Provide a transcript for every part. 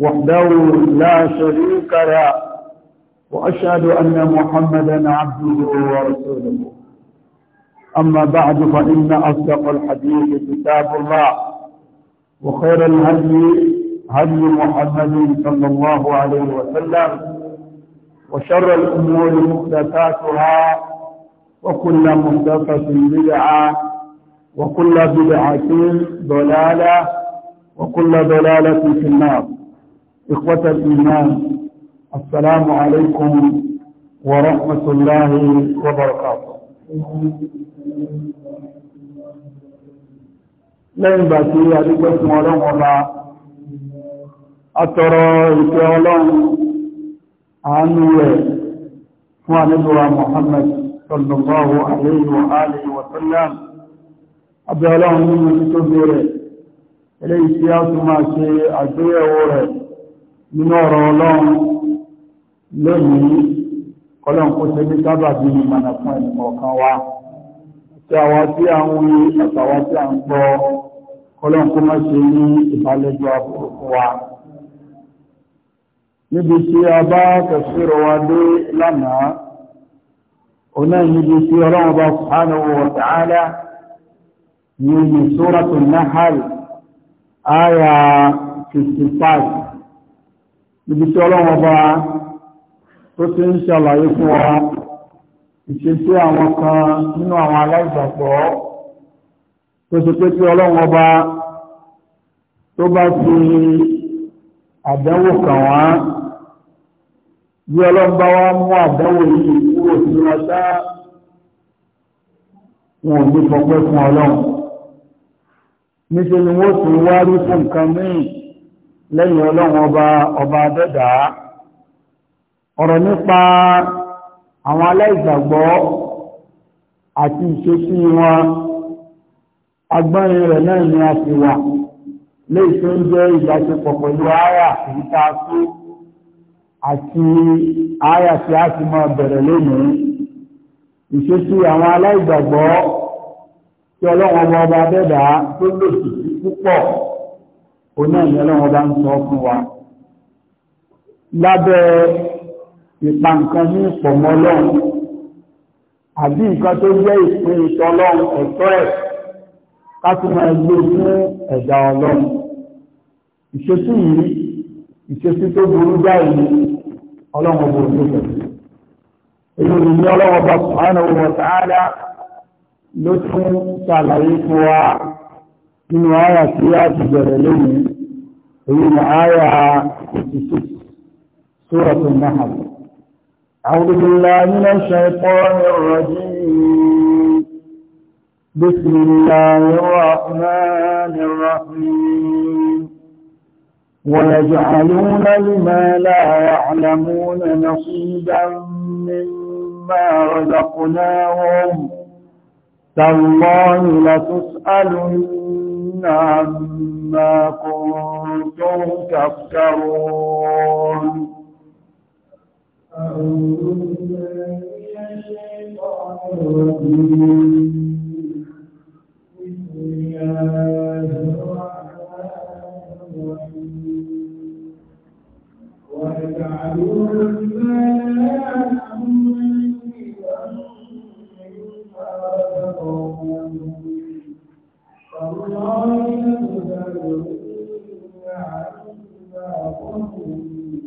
وحده لا شريك له وأشهد أن محمدا عبده ورسوله أما بعد فإن أصدق الحديث كتاب الله وخير الهدي هدي محمد صلى الله عليه وسلم وشر الأمور محدثاتها وكل محدثة بدعة وكل بدعة ضلالة وكل ضلالة في النار إخوة الإيمان السلام عليكم ورحمة الله وبركاته لين باتي يا ليك اسم الله ولا اترى في علم عنه فعن محمد صلى الله عليه وآله وسلم أبي الله من المتبير إليه سياسة ما شيء أدوية ورد nínú ọ̀rọ̀ ọlọ́run lónìí ọlọ́run kó ṣe ní sábà bí i mọ̀nà fún tí a tí a ń gbọ́ ọlọ́run kó ní ìbálẹ́jọ́ níbi tí a bá tẹ̀síro wa dé lánàá níbi tí ọlọ́run bá níbi tí ọlọ́wọ́ bá tó ti ń ṣàlàyé fún wa ìṣesí àwọn kan nínú àwọn aláìgbàgbọ́ tó ṣe pé tí ọlọ́wọ́ bá tó bá fi àdánwò kàn wá bí ọlọ́run bá wá mú àdánwò yìí kúrò sí wọn dá wọn ò ní fọpẹ́ fún ọlọ́run níṣẹ́ ni wọ́n tún wá rí fún nǹkan mìíràn lẹ́yìn ọlọ́run ọba ọba adẹ́dà ọ̀rọ̀ nípa àwọn aláìgbàgbọ́ àti ìṣesí wọn agbọ́nrin rẹ̀ náà ni a ti wà léyìí tó ń jẹ́ ìbáṣepọ̀ pẹ̀lú àyà tí ta sí àti àyà tí a ti máa bẹ̀rẹ̀ lónìí ìṣesí àwọn aláìgbàgbọ́ tí ọlọ́run ọba ọba tó lòdì púpọ̀ oní ìyẹlọ́wọ́ bá ń sọ fún wa lábẹ́ ìpa nǹkan ní ìpọ̀mọ́ lọ́run àbí nǹkan tó jẹ́ ìpín ìtọ́lọ́run ẹ̀tọ́ ẹ̀ kátùmọ̀ ẹgbẹ́ fún ẹ̀dá ọlọ́run ìṣesí yìí ìṣesí tó burú jáì ọlọ́run ọgbọ̀n tó pẹ̀lú èyí ni ní ọlọ́run ọba subhanahu wa ta'ala ló tún ṣàlàyé fún nínú àyà tí a ti bẹ̀rẹ̀ lónìí èyí ni àyà 66 sóràtò náà أعوذ بالله من الشيطان الرجيم بسم الله الرحمن الرحيم ويجعلون لما لا يعلمون نصيبا مما رزقناهم تالله لتسألن عما كنتم تفترون أعوذ بالله من الشيطان الرجيم بسم الله الرحمن الرحيم وتجعلون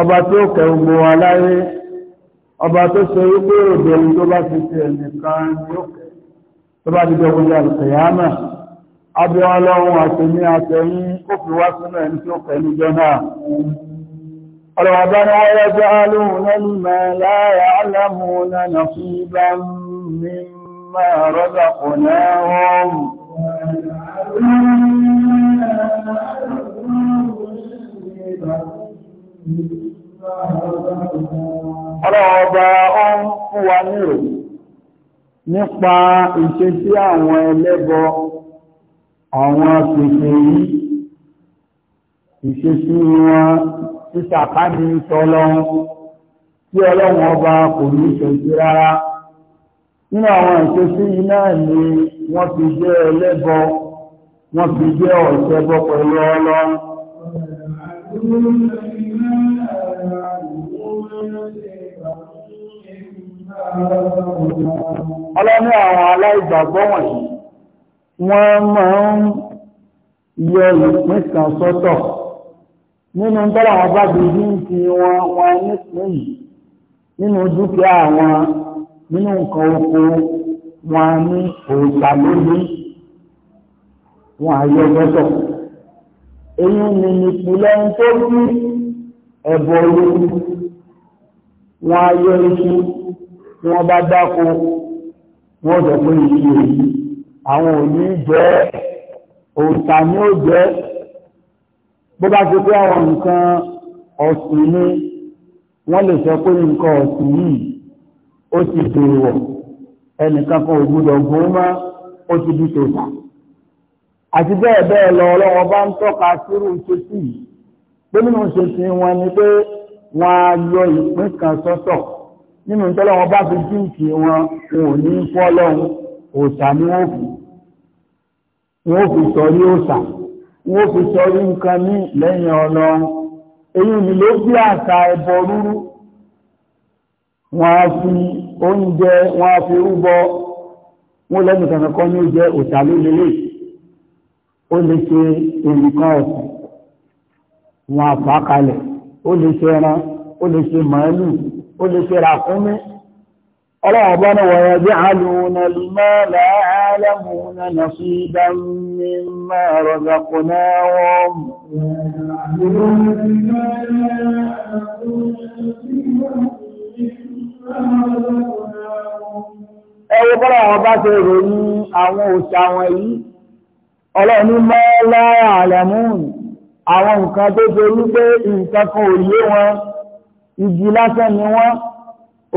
ọba tó kẹ́ gbogbo wa láyé ọba tó ṣe wípé òbẹ̀rún tó bá fi ṣe ẹ̀nìkan ni ó kẹ́ tó bá ti jọgbọ́n jà lùkẹ̀yàmà abẹ́ ọlọ́run àtẹ̀mí àtẹ̀yìn kó fi wá sínú ẹni tó kẹ́ níjọ náà ربنا يجعلون مما لا يعلمون نصيبا مما رزقناهم Thank you ọlọ́ọ̀bá ọ ń fún wa nírò nípa ìṣe sí àwọn ẹlẹ́bọ àwọn pèsè yìí ìṣe sí wọn títàpá ní tọ́lọ́run tí ọlọ́run ọba kò ní ṣẹ̀ṣẹ̀ rárá nínú àwọn ìṣesí iná ni wọ́n fi jẹ́ ẹlẹ́bọ wọ́n fi jẹ́ ọ̀ṣẹ́bọ pẹ̀lú ọlọ́run يعبدون إلا Ọlọ́ni àwọn aláìgbàgbọ́ wọ̀nyí, wọ́n máa ń yọ ìpín kan sọ́tọ̀. Nínú tọ́lá àwọn bá bí i ń wọn wọn nípín yìí, nínú dúkìá àwọn nínú nǹkan oko wọn ní òòtà lórí wọn àyọ̀ èyí ni nìpìlẹ̀ tó bí ẹ̀bọ̀ olóko wọn ayọ iṣu tí wọ́n bá dáko wọ́n jọ pé iṣu èyí àwọn òní jẹ́ òǹtà ni ó jẹ́ bó bá ṣe pé àwọn nǹkan ọ̀sìn ni wọ́n lè sọ pé nǹkan ọ̀sìn yìí ó ti dèrò ẹnìkan kan ò gbúdọ̀ gbó mọ́ ó ti di tòṣà àti bẹ́ẹ̀ bẹ́ẹ̀ lọ ọlọ́wọ́ bá ń tọ́ka sírù ṣe sí yìí pé nínú ṣe sí wọn ni pé wọn á yọ ìpín kan sọ́tọ̀ nínú tọ́lọ́wọ́ bá fi jíǹkì wọn wọn ò ní fọ́ lọ́hùn òòṣà ni wọ́n fi wọ́n fi sọrí òòṣà wọ́n fi sọrí nǹkan ní lẹ́yìn ọlọ́run èyí ni ló bí àṣà ẹbọ rúrú wọn á fi oúnjẹ wọn á fi rúbọ wọn lẹ́nu kankan ní oúnjẹ òòṣà ló lélẹ́yìí ó lè ṣe nǹkan ọ̀sìn wọn àfàkalẹ̀ ó lè ṣe ẹran ó lè ṣe màálù ó lè ṣe ràkúnmí ọlọ́wọ́n bá náà wọ̀nyẹn bí àlùmọ́nà lọ́la àlẹ́mùnà nàfi dámí máa rọ̀gàkù náà wọ́n. ẹ wo bọ́lá wọn bá ṣe ròyìn àwọn òṣà wọn yìí ọlọ́ni mọ́ lára àlẹ̀mún àwọn nǹkan tó ṣe wípé nǹkan kan ò yé wọn igi lásán ni wọ́n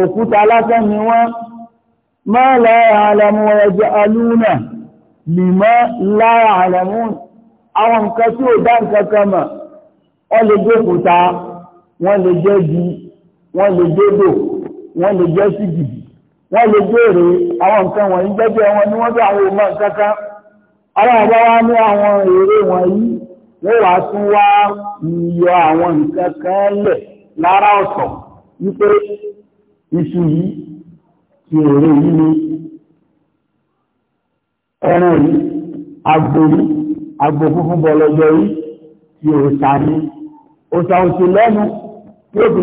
òkúta lásán ni wọ́n mọ́ lára àlẹ̀mún ẹjẹ́ alúnà lìmọ́ lára àlẹ̀mún àwọn nǹkan tí ò dá nǹkan kan mọ̀ wọ́n lè jẹ́ òkúta wọ́n lè jẹ́ di wọ́n lè jẹ́ dò wọ́n lè jẹ́ sígìdì wọ́n lè jẹ́ èrè àwọn nǹkan wọ̀nyí jẹ́jẹ́ wọn ni wọ́n bí àwọn òmọ̀ nǹkan kan ọlọ́ọ̀bá wá ní àwọn èrè wọ̀nyí ló wà tún wá yíyọ àwọn nǹkan kan lẹ̀ lára ọ̀sọ̀ wípé iṣu yìí ti èrè yìí ni ẹran yìí agbo yìí agbo funfun yìí ti òòṣà ni òsà òsì lẹ́nu tí ó fi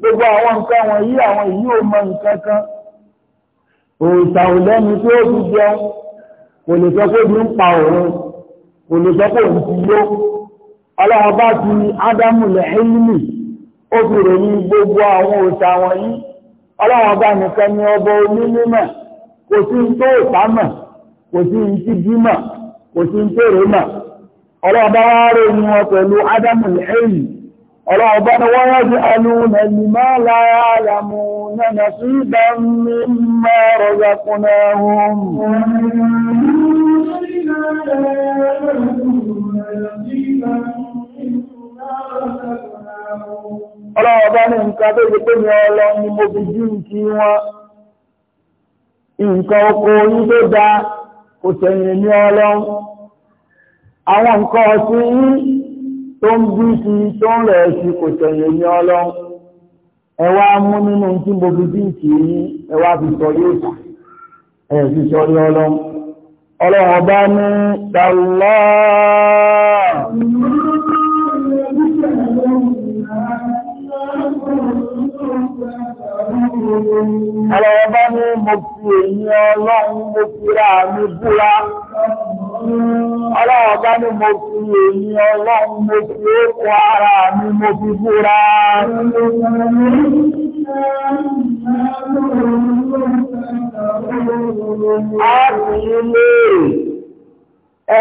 gbogbo àwọn nǹkan awọn àwọn èyí ò mọ nǹkan kan òòṣà ò lẹ́nu tí ó fi jẹun kò lè sọ pé bí ń pa òun kò lè sọ pé òun ti gbogbo àwọn òòṣà wọ̀nyí ọlọ́run bá nìkan ni ọba onímọ̀ kò sí ń tó ìpamọ̀ kò sí ń tí bímọ̀ kò sí ń tó rèémọ̀ ọlọ́run bá wá ọlọ́ọ̀bá ni wọ́n rọ́jú alúnà ní máa láyá àlàmù nánà sí ìdámi máa rọ̀gbà kúnnà ohun ọlọ́ọ̀bá ni nǹkan tó jẹ́ pé ní ọlọ ni mo fi jí kí wọn nǹkan oko yí tó dá kò tẹ̀yìn ní ọlọ́ àwọn nǹkan ọ̀sìn yìí tó ń bí sí tó ń rẹ̀ sí kò tẹ̀yẹ̀ ní ọlọ́run ẹ wá mú nínú tí mo fi bí sí ní ẹ wá fi sọ yóò sà ẹ fi sọ ní ọlọ́run ọlọ́run ọba ní tàlá ọlọ́run ọba ní mo fi èyí ọlọ́run mo fi ra mi búra Ọlọ́run bá ní mo fi èyí ọlọ́run mo fi ókò ara mi mo fi búra. A sì ilé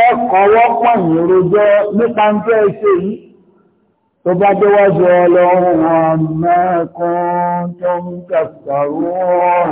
ẹ̀kọ́ e, wọ́pọ̀ ìròjọ́ nípa ń jẹ́ iṣẹ́ yìí tó bá déwájú ọlọ́run àmẹ́kùn tó ń kẹsàrú ọ̀rùn.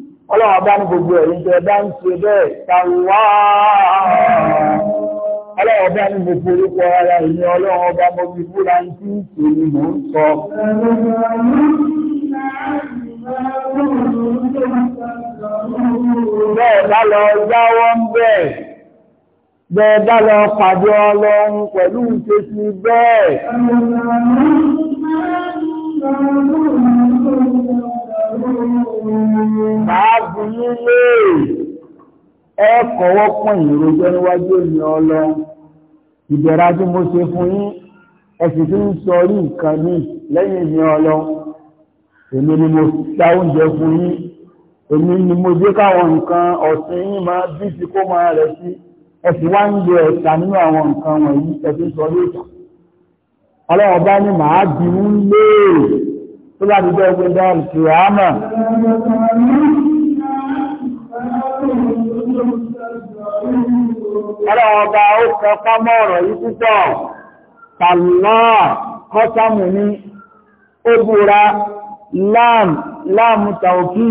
ọlọ́wọ́ bá ní gbogbo ẹ̀yìn tẹ́ bá ń ṣe bẹ́ẹ̀ tàwà ọlọ́wọ́ bá ní gbogbo orúkọ ara ìní ọlọ́wọ́ bá mọ́ bí fúra ń tí ìpè ní mò ń sọ bẹ́ẹ̀ bá lọ jáwọ́ ń bẹ́ẹ̀ bẹ́ẹ̀ bá lọ pàdé ọlọ́run pẹ̀lú ìṣesí bẹ́ẹ̀ Thank you. Báàbù nílé ẹ̀kọ́ wọ́pọ̀ ìròjọ́ níwájú èmi ọlọ. Ìbẹ̀rẹ̀ ajé mo ṣe fún yín, ẹ̀sì tí ń sọ rí nǹkan ní lẹ́yìn èmi ọlọ. Èmi ni mo ta oúnjẹ fún yín. Èmi ni mo gbé káwọn nǹkan ọ̀sìn yín máa bí ti kó máa rẹ̀ sí. Ẹ̀sì wá ń jẹ ẹ̀ta nínú àwọn nǹkan wọ̀nyí, ẹ̀sì sọ rí ìtàn. Ọlọ́run bá ní màá bí ń tó bá dìjọ́ ogun dáàlù sí àmà ọ̀rọ̀ ọba ó kọ pámọ́ ọ̀rọ̀ yìí púpọ̀ tàlá kọ́sàmù ní ó búra láàm láàmù tàòkì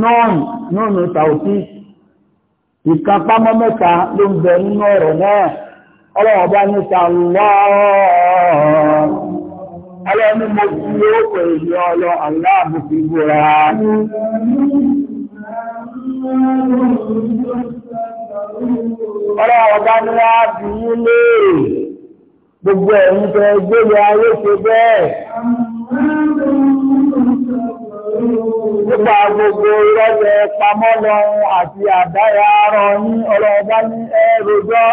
nọ́ọ̀n nọ́ọ̀nù tàòkì ìkàpámọ́ mẹ́ta ló ń bẹ nínú ọ̀rọ̀ náà ọlọ́wọ́ bá ní tàlá ọ̀rọ̀ Ọlọ́ni mo fi ókò èyí ọlọ aláàbò fi búra. Ọlọ́ ọ̀gá ni wá bí i lè gbogbo ẹ̀yìn tẹ gbélé ayé ṣe bẹ́ẹ̀. Nípa gbogbo ìrọ́lẹ̀ pamọ́ lọ́run àti àdáyà rọ̀ ní ọlọ́ọ̀gá ní ẹ̀rọjọ́.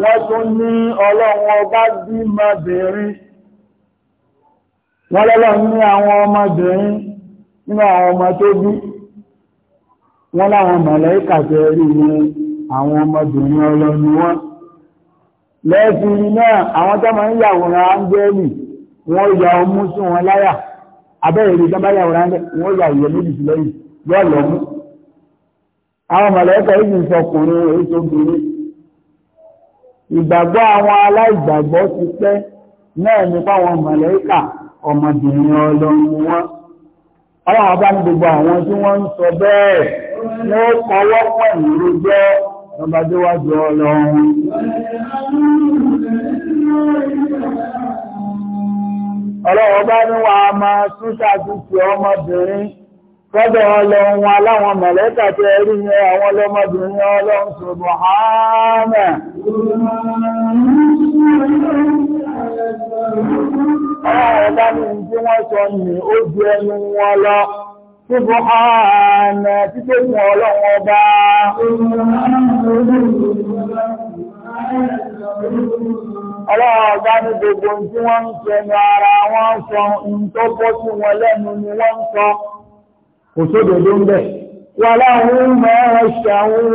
wọ́n tún ní ọlọ́run ọba bímọbìnrin wọ́n lọ́lọ́run ní àwọn ọmọbìnrin nínú àwọn ọmọ tó bí wọ́n láwọn rí ní àwọn ọmọbìnrin lẹ́ẹ̀fì náà àwọn tó ń yàwòrán áńgẹ́lì wọ́n ya ọmú sí wọn láyà abẹ́rẹ̀ ìrìn tọ́bá yàwòrán ìgbàgbọ́ àwọn aláìgbàgbọ́ ti pẹ́ náà ní báwọn mọ̀lẹ́kà ọmọbìnrin ọlọ́run wọn ọlọ́run bá ní gbogbo àwọn tí wọ́n ń sọ bẹ́ẹ̀ ní ó kọwọ́ pọ̀ ìrú jẹ́ ọlọ́run Kọ́dọ̀ ọlọ́run wọn aláwọn mọ̀lẹ́kà tẹ rí ní àwọn ọlọ́mọbìnrin ni tí wọ́n sọ ní ó ju ẹnu wọn lọ. ní gbogbo tí wọ́n ń ní ara wọn sọ, ń tó bọ́ sí wọn lẹ́nu kò sódò ló ń bẹ̀. wà láwọn máa ṣàwọn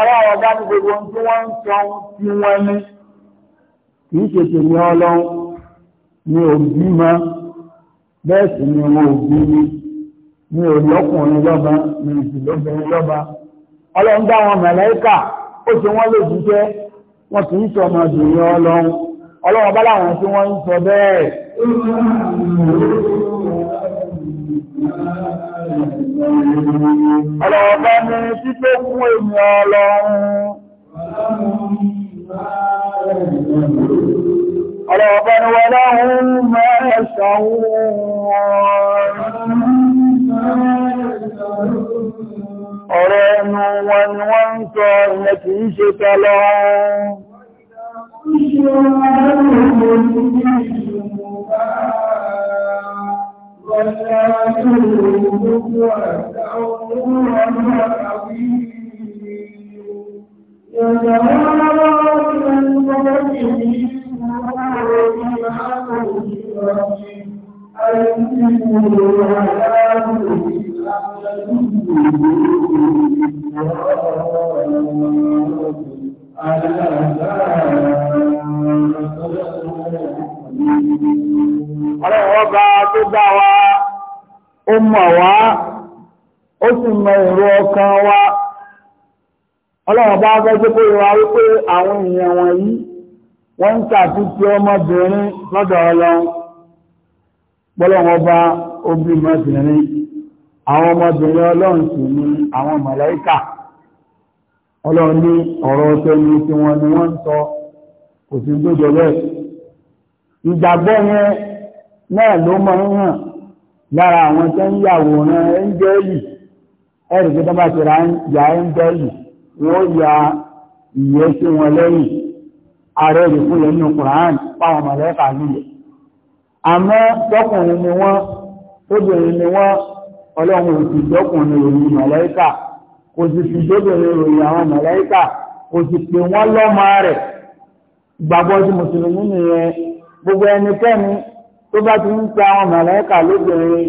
ọlọ́run ọba ní gbogbo ohun tí wọ́n ń sọ tí wọ́n ní kì í ṣe tèmi ọlọ́run ni òbí ma lọ́ba ni ìsìlọ́bìnrin lọ́ba ọlọ́run dá wọn màláíkà ó wọ́n lójúṣẹ́ wọn kì í ọlọ́run ọlọ́wọ́ bá láwọn tí wọ́n ń sọ bẹ́ẹ̀ ọlọ́wọ́ bá ní tító fún ènìyàn ọlọ́run fẹ́jọ́ pé wà wípé àwọn èèyàn wọ̀nyí wọ́n ń tàbí ọmọbìnrin lọ́dọ̀ ọlọ́run pọ́lọ́wọ́ bá obìnrin àwọn ọmọbìnrin ọlọ́run sì ni àwọn màláíkà ọlọ́run ní ọ̀rọ̀ tẹ́ni tí wọ́n ni wọ́n ń sọ kò sí bẹ́ẹ̀ ìgbàgbọ́ yẹn náà ló mọ ń lára àwọn tẹ́ ń ra ìyẹ́ sí wọn lẹ́yìn ààrẹ rẹ̀ fún yẹn nínú kùránì páwọn mọ̀lẹ́kà nílẹ̀ àmọ́ tọkùnrin ni wọ́n tóbìnrin ni wọ́n ọlọ́run òsì dọ́kùnrin ròyìn mọ̀lẹ́kà kò sì fi dóbìnrin ròyìn àwọn mọ̀lẹ́kà kò pè wọ́n lọ́mọ rẹ̀ gbàgbọ́ sí mùsùlùmí nìyẹn gbogbo ẹnikẹ́ni tó bá ti ń pe àwọn mọ̀lẹ́kà lóbìnrin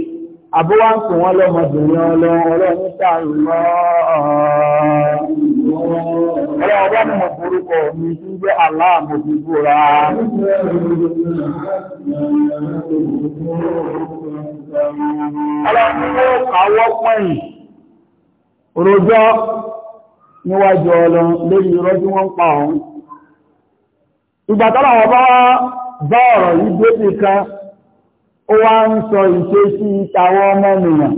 àbúwá ń pè wọ́n lọ́mọbìnrin ọlọ́run ọlọ́run níta ìlọ́ọ̀ọ́ Ọlọ́run bá ní mo forúkọ mi tí ń jẹ́ aláàmò ti búra. Ọlọ́run ni ó kàwọ́ pẹ̀yìn, rojọ́ níwájú ọlọ́run lórí irọ́ tí wọ́n ń pa ọ̀hún. Ìgbà tọ́lá wọn bá bá ọ̀rọ̀ yìí dé bí kan, ó wá ń sọ ìṣe sí ìtàwọ́ ọmọ ènìyàn.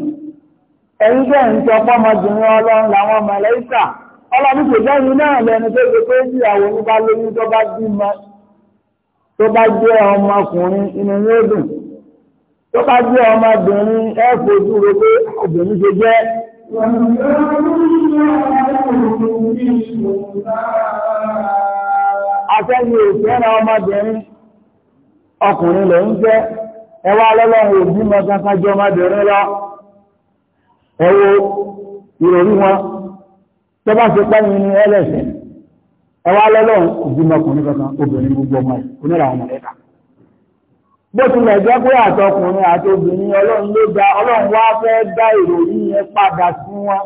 Ẹ̀yìn bẹ́ẹ̀ ń sọ ọlọ́run làwọn mọ̀lẹ́sà. ọlọ́dúnkò lẹ́yìn náà lẹ́nu tó ṣe pé ìyàwó ní bá lóyún tó bá bímọ tó bá jẹ́ ọmọkùnrin inú yóò dùn tó bá jẹ́ ọmọbìnrin ẹ fojú pé obìnrin ṣe jẹ́ ọmọbìnrin ọkùnrin ń jẹ́ ẹwà lọ́lọ́run òbí ọmọbìnrin lọ ìròrí tó bá ṣe pẹ́ ní ẹlẹ́sẹ̀ ẹwà lọ́lọ́run ògbìmọ̀kùnrin kankan obìnrin gbogbo ọmọ oníra ọmọ ẹ̀ka bó tilẹ̀ jẹ́ pé àtọkùnrin àti obìnrin ọlọ́run ló dá ọlọ́run wá fẹ́ dá ìròyìn yẹn padà sí wọn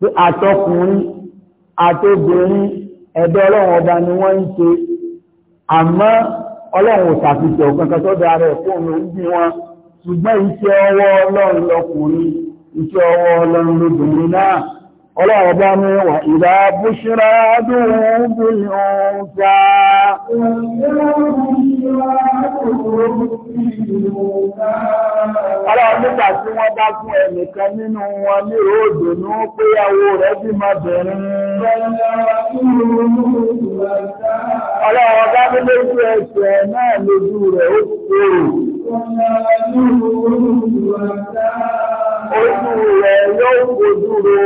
pé àtọkùnrin àti obìnrin ẹ̀dọ́ ọlọ́run ọba ni wọ́n ń ṣe àmọ́ ọlọ́run ò ọlọ́run bá mú wà ìdá búṣírá dùn bíi ọ̀nsá. ọlọ́run tí wọ́n bá fún ẹnìkan nínú wọn ní òdòdó péyàwó rẹ̀ bí máa bẹ̀rẹ̀. ọlọ́run bá mú lójú ẹsẹ̀ náà lójú rẹ̀ ó kúrò ojú rẹ̀ yóò fojú ro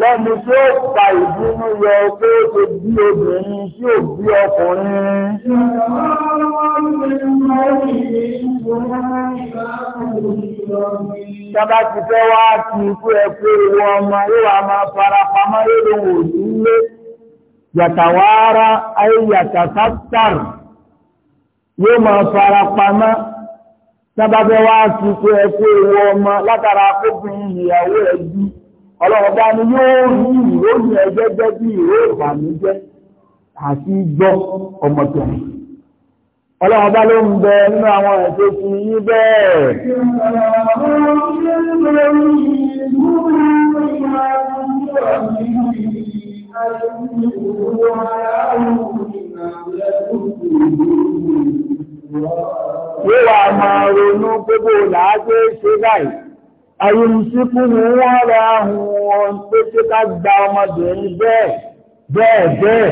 lẹ́nu tí ó pa ìbínú yọ pé ó ti bí obìnrin tí ò bí ọkùnrin. Sábà ti fẹ́ wá ti ikú ẹ pé ìwọ ọmọ yóò wá máa fara pamọ́ lórí òòjú lé. Yàtàwárá ayé yàtàtàtàr yóò máa fara pamọ́ tábàbẹ́ wá sí pé ẹkú ewu ọmọ látara kóbìnrin ìyàwó ẹbí ọlọ́ọ̀bá ni yóò rí ìròyìn ẹgbẹ́ jẹ́ bí ìró ìbànújẹ́ àti gbọ́ ọmọbìnrin ọlọ́ọ̀bá ló ń bẹ nínú àwọn ẹ̀ṣẹ́ ti yí bẹ́ẹ̀ Yóò wà máa ronú gbogbo làágbé ṣe báyìí. Àyùmùsíkú ni wọ́n rẹ̀ ahùn wọn pé ṣe ká gba ọmọbìnrin bẹ́ẹ̀ bẹ́ẹ̀ bẹ́ẹ̀.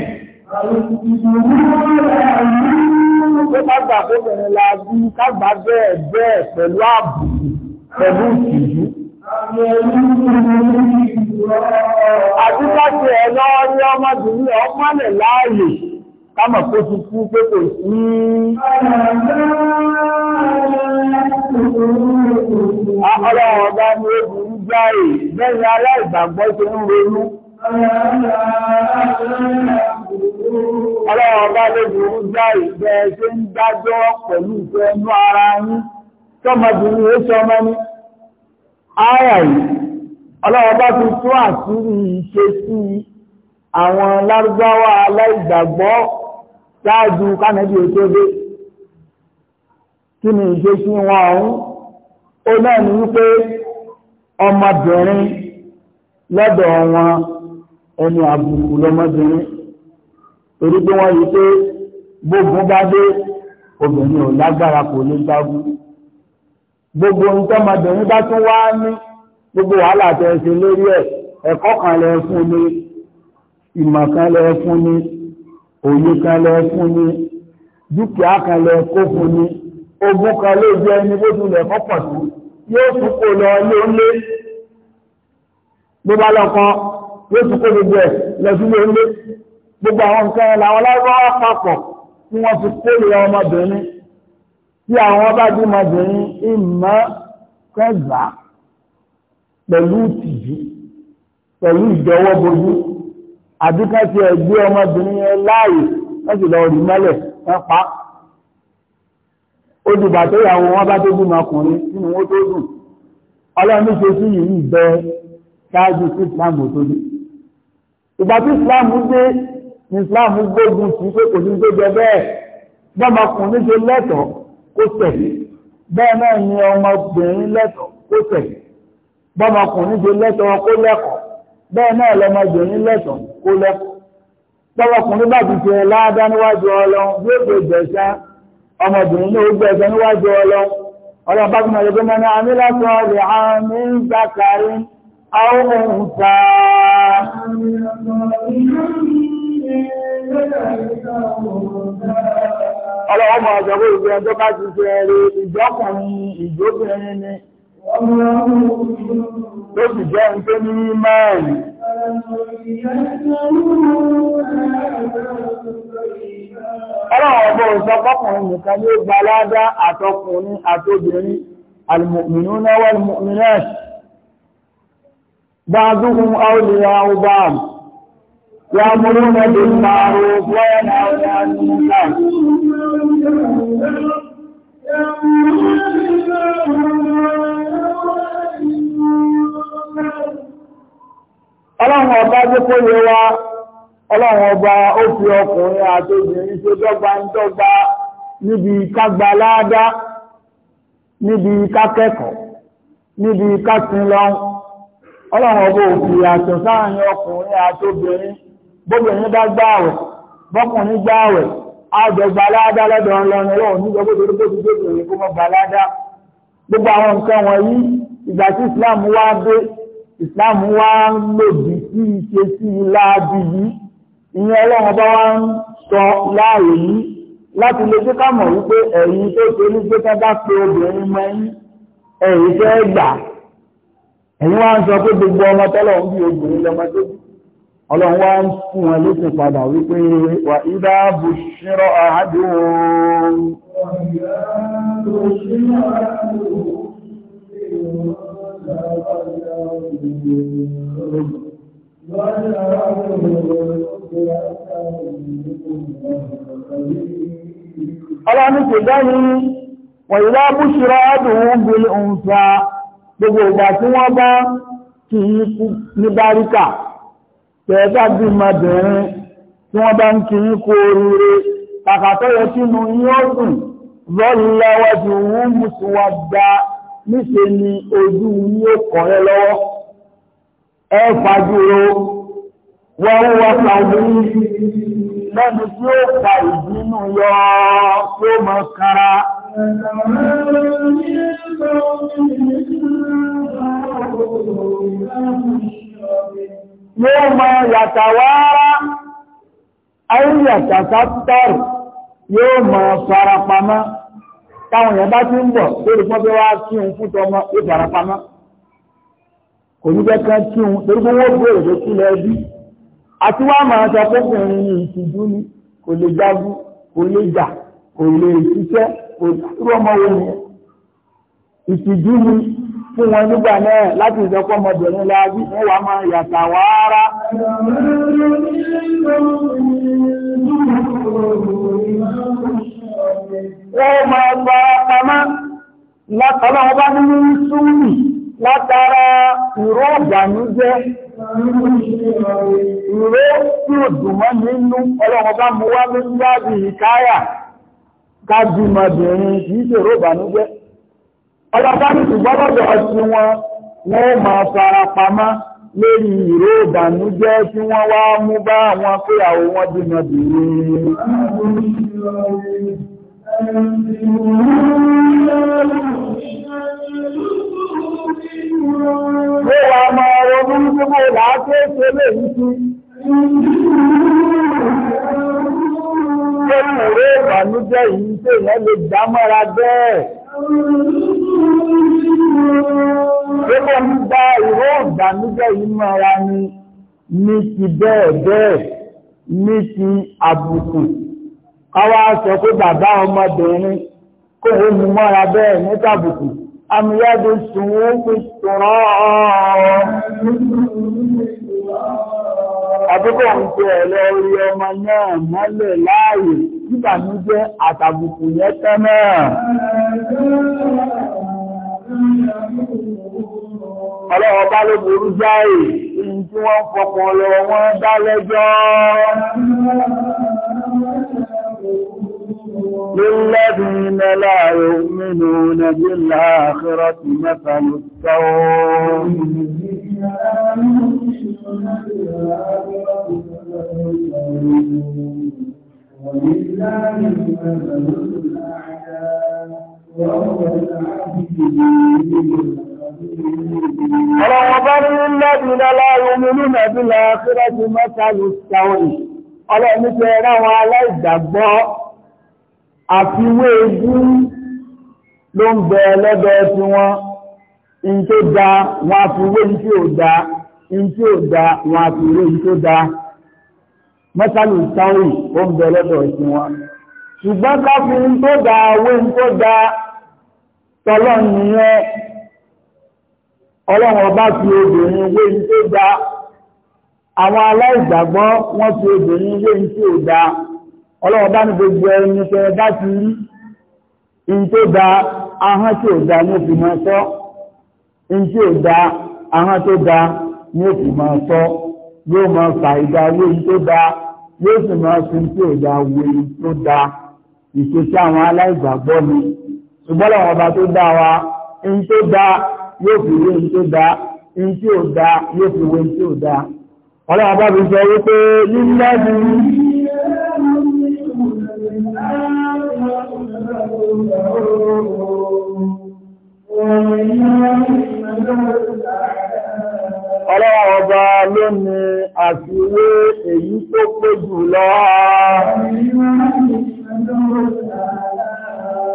Ṣé ká gbà kóbìnrin la bí ká gbà bẹ́ẹ̀ bẹ́ẹ̀ pẹ̀lú àbùkù pẹ̀lú ìtìjú. Àti ká ṣe ẹ̀ lọ́wọ́ ní ọmọbìnrin ọmọ kámọ̀ kó ti kú pé kò sí. Ọlọ́run ọba ni ó burú jáì lẹ́yìn aláìgbàgbọ́ ṣe ń ronú. Ọlọ́run ọba ló burú jáì bẹ́ẹ̀ ṣe ń dájọ́ pẹ̀lú ìfẹ́ inú ara yín. Tọ́mọbìnrin ó sọ ọmọ ní. Áyà yìí, ọlọ́run bá ti tún àṣírí ìṣesí àwọn lárúbáwá aláìgbàgbọ́ ṣáájú kánẹ́bí o tó dé kí ni ìṣesí wọn ọ̀hún ó náà ní wípé ọmọbìnrin lọ́dọ̀ wọn ẹni àbùkù lọmọbìnrin torí pé wọ́n rí pé gbógun bá dé obìnrin ò lágbára kò lè jagun gbogbo ohun tọ́mọbìnrin bá tún wá ní gbogbo wàhálà tẹ̀ lórí ẹ̀ ẹ̀kọ́ kan lẹ fún ni ìmọ̀ kan lẹ fún ni òye kan lọ fún ni dúkìá kan lọ kó fún ni ogún kan ló jẹ́ ẹni bó tilẹ̀ kọ́pọ̀ sí yóò tún kó lọ ilé ńlé bó bá lọ́kọ́ yóò tún kó gbogbo ẹ̀ lọ́sílé ńlé gbogbo àwọn nǹkan ẹ̀ làwọn lárúbáwá papọ̀ tí wọ́n fi kórè ọmọbìnrin tí àwọn bá bí ọmọbìnrin ìmọ̀ kẹgbàá pẹ̀lú ìtìjú pẹ̀lú ìjọwọ́ bojú àbí ká ti ẹgbẹ́ ọmọbìnrin yẹn láàyè wọ́n sì lọ rí mọ́lẹ̀ wọ́n pa á ó dìgbà tó yàwó wọn bá tó bímọ ọkùnrin nínú wọn tó dùn ọlọ́run ní ṣe sí yìí bẹ ṣáájú sí islam tó dé ìgbà tí islam dé islam gbógun sí pé kò ní gbéjọ bẹ́ẹ̀ bọ́mọkùnrin ṣe lẹ́tọ̀ọ́ kó tẹ̀ bẹ́ẹ̀ náà ni ọmọbìnrin lẹ́tọ̀ọ́ kó tẹ̀ bọ́mọkùnrin ṣe lẹ́tọ̀ọ́ kó lẹ́kọ̀ọ́ bẹ́ẹ̀ náà lọmọbìnrin lẹ́tọ̀ọ́ kó lẹ́kọ̀ọ́ tọ́wọ́kùnrin bá ti láádá níwájú ọlọ́run yóò gbé gbẹ̀ṣá ọmọbìnrin náà ó gbẹ̀ṣá níwájú ọlọ́run ọlọ́run bá tún ọ̀rẹ́gbẹ́ mọ́ni amílẹ́kọ̀ọ́ rẹ̀ àmì ń àwọn ta ọlọ́run ọmọ ọ̀jọ̀gbọ́n ìgbẹ́ ọjọ́ bá ti ni Tó sì jẹ́ ń tó ní mẹ́rin. Ọlọ́run ọgbọ́ ìsọpọ́kùnrin nìkan ní gba ládá àtọkùnrin àtobìnrin, al-mu'minuna wal-mu'minat. Ba'duhum awliya'u ba'd. يأمرون بالمعروف وينهون عن Ọlọ́run ọba gbogbo yẹ wa, ọlọ́run ọba ó fi ọkùnrin àti obìnrin ṣe dọ́gba ń dọ́gba níbi kágbà láádá, níbi kákẹ́kọ̀ọ́, níbi kásin Ọlọ́run ọba ò fi àtọ̀ sáàrin ọkùnrin àti obìnrin, bóbìnrin àjọgbàládá lọ́dọ̀ ọlọ́run lọ́wọ́ ní gbogbo torí pé gbogbo ìròyìn kó mọ́ gbàládá gbogbo àwọn nǹkan wọ̀nyí ìgbà tí Islam wá dé Islam wá ń lòdì sí ìṣe sí láàbì yìí ìyẹn ọlọ́run bá wá ń sọ láàyè yìí láti lè jẹ́ ká mọ̀ wípé ẹ̀yin tó ṣe ní pé ká bá pe obìnrin mọ́ ẹ̀yìn ẹ̀yìn fẹ́ gbà ẹ̀yin wá ń sọ pé gbogbo ọmọ tọ́lọ̀ ń bí obìnrin lọ́mọ ọlọ́run wá ń fún wọn lókè padà wípé wà ìdá bù ṣírọ̀ Ọlọ́run kò dáni wà ìdá bù ṣírọ̀ àádùn òun fa gbogbo ìgbà tí wọ́n bá kìí ní báríkà tẹ̀ẹ́bá bí mọ́bìnrin tí wọ́n bá ń kí ní kó oríire kàkàtọ́yọ sínú yọ́gùn lọ́lọ́wọ́dì wọ́n mùsùwàdá níṣe ni ojú yóò kọ̀rẹ́ lọ́wọ́ ẹ fàjúro wọ́n wá lẹ́nu tí ó pa ìbínú yọ tí ó mọ kára Thank you yóò máa yàtàwárá ayíyàtàtàtàrù yóò máa farapamá táwọn èèyàn bá ti ń bọ̀ lórí fún ọbẹ̀ wá kí òun fún tọmọ ó farapamá kò ní jẹ́ kan kí òun torí fún wọ́n bèèrè tó kú lọ bí àti wá máa sọ fẹ́kùnrin ní ìtìjú ni kò lè jágú kò lè jà kò lè ṣiṣẹ́ kò lè rọmọ wọn ìtìjú ni fún wọn nígbà náà láti ìjọpọ̀ ọmọbìnrin láàájú wọ́n wà máa yàtà wàárá. Wọ́n máa gba pamá látara ọba nínú súnmì látara ìró ìbànújẹ́, ìró tí ò dùnmọ́ nínú ọlọ́ọ̀bá mú wá ní ìyáàbì ìkáyà, ká bí ọmọbìnrin kìí ọlọ́pàá ní ìgbọ́lọ́dọ̀ ọtí wọn wọ́n máa fara pamọ́ lórí ìró ìbànújẹ́ tí wọ́n wá mú bá wọn fẹ́yàwó wọn dínà bèèrè Ó wà máa ronú gbogbo làákéèké lè yí sí. Ó wùré ìbànújẹ́ yìí tèèyàn lè dámọ́ra bẹ́ẹ̀. Gbogbo ń gba ìró ìgbàmíjẹ́ yìí mọ́ra ni ní ti bẹ́ẹ̀ bẹ́ẹ̀ ní ti àbùkù. sọ pé bàbá ọmọbìnrin kó wó mú mọ́ra bẹ́ẹ̀ ní tàbùkù. Amúyẹ́dù sùn ó fi àbúkọ̀ ń tẹ ẹ̀lẹ́ orí ọmọ náà mọ́lẹ̀ láàyè nígbàmújẹ́ àtàbùkù yẹn tẹ́ náà. Ọlọ́wọ́ bá ló burú jáì, ìyìn tí wọ́n fọkàn lọ wọ́n dá lẹ́jọ́. للذين لا يؤمنون بالآخرة مثل السوء ربنا الذين لا يؤمنون بالآخرة مثل السوء ألا نتعلم على الدبار àfiwé egú ló ń bẹ lọ́dọ̀ tí wọ́n in tó dá wọn àfiwé in tí ò da in tí wọn in tó sáwì ń bẹ tí wọ́n ṣùgbọ́n wé in tó tọ́lọ́ nìyẹn obìnrin wé in àwọn aláìgbàgbọ́ wọ́n fi obìnrin wé in ọlọ́wọ́ bá ní gbogbo ẹni tẹ bá ti rí in tó da ahọ́n tí ò da ní òfin máa sọ in tí ò da ahọ́n tó da ní òfin máa sọ yóò máa fà ìdá lóyún tó da yóò sì máa fi tí ò da wo tó da ìṣesí àwọn aláìgbàgbọ́ mi ṣùgbọ́n àwọn ọba tó dá wa in tó da yóò fi wé in tó da in tí ò da yóò fi wé in tí ò da ọlọ́wọ́ bá fi sọ wípé nílẹ́ mi. Ọlọ́wọ́ ọba ló ní àfiwé èyí tó pé jù lọ.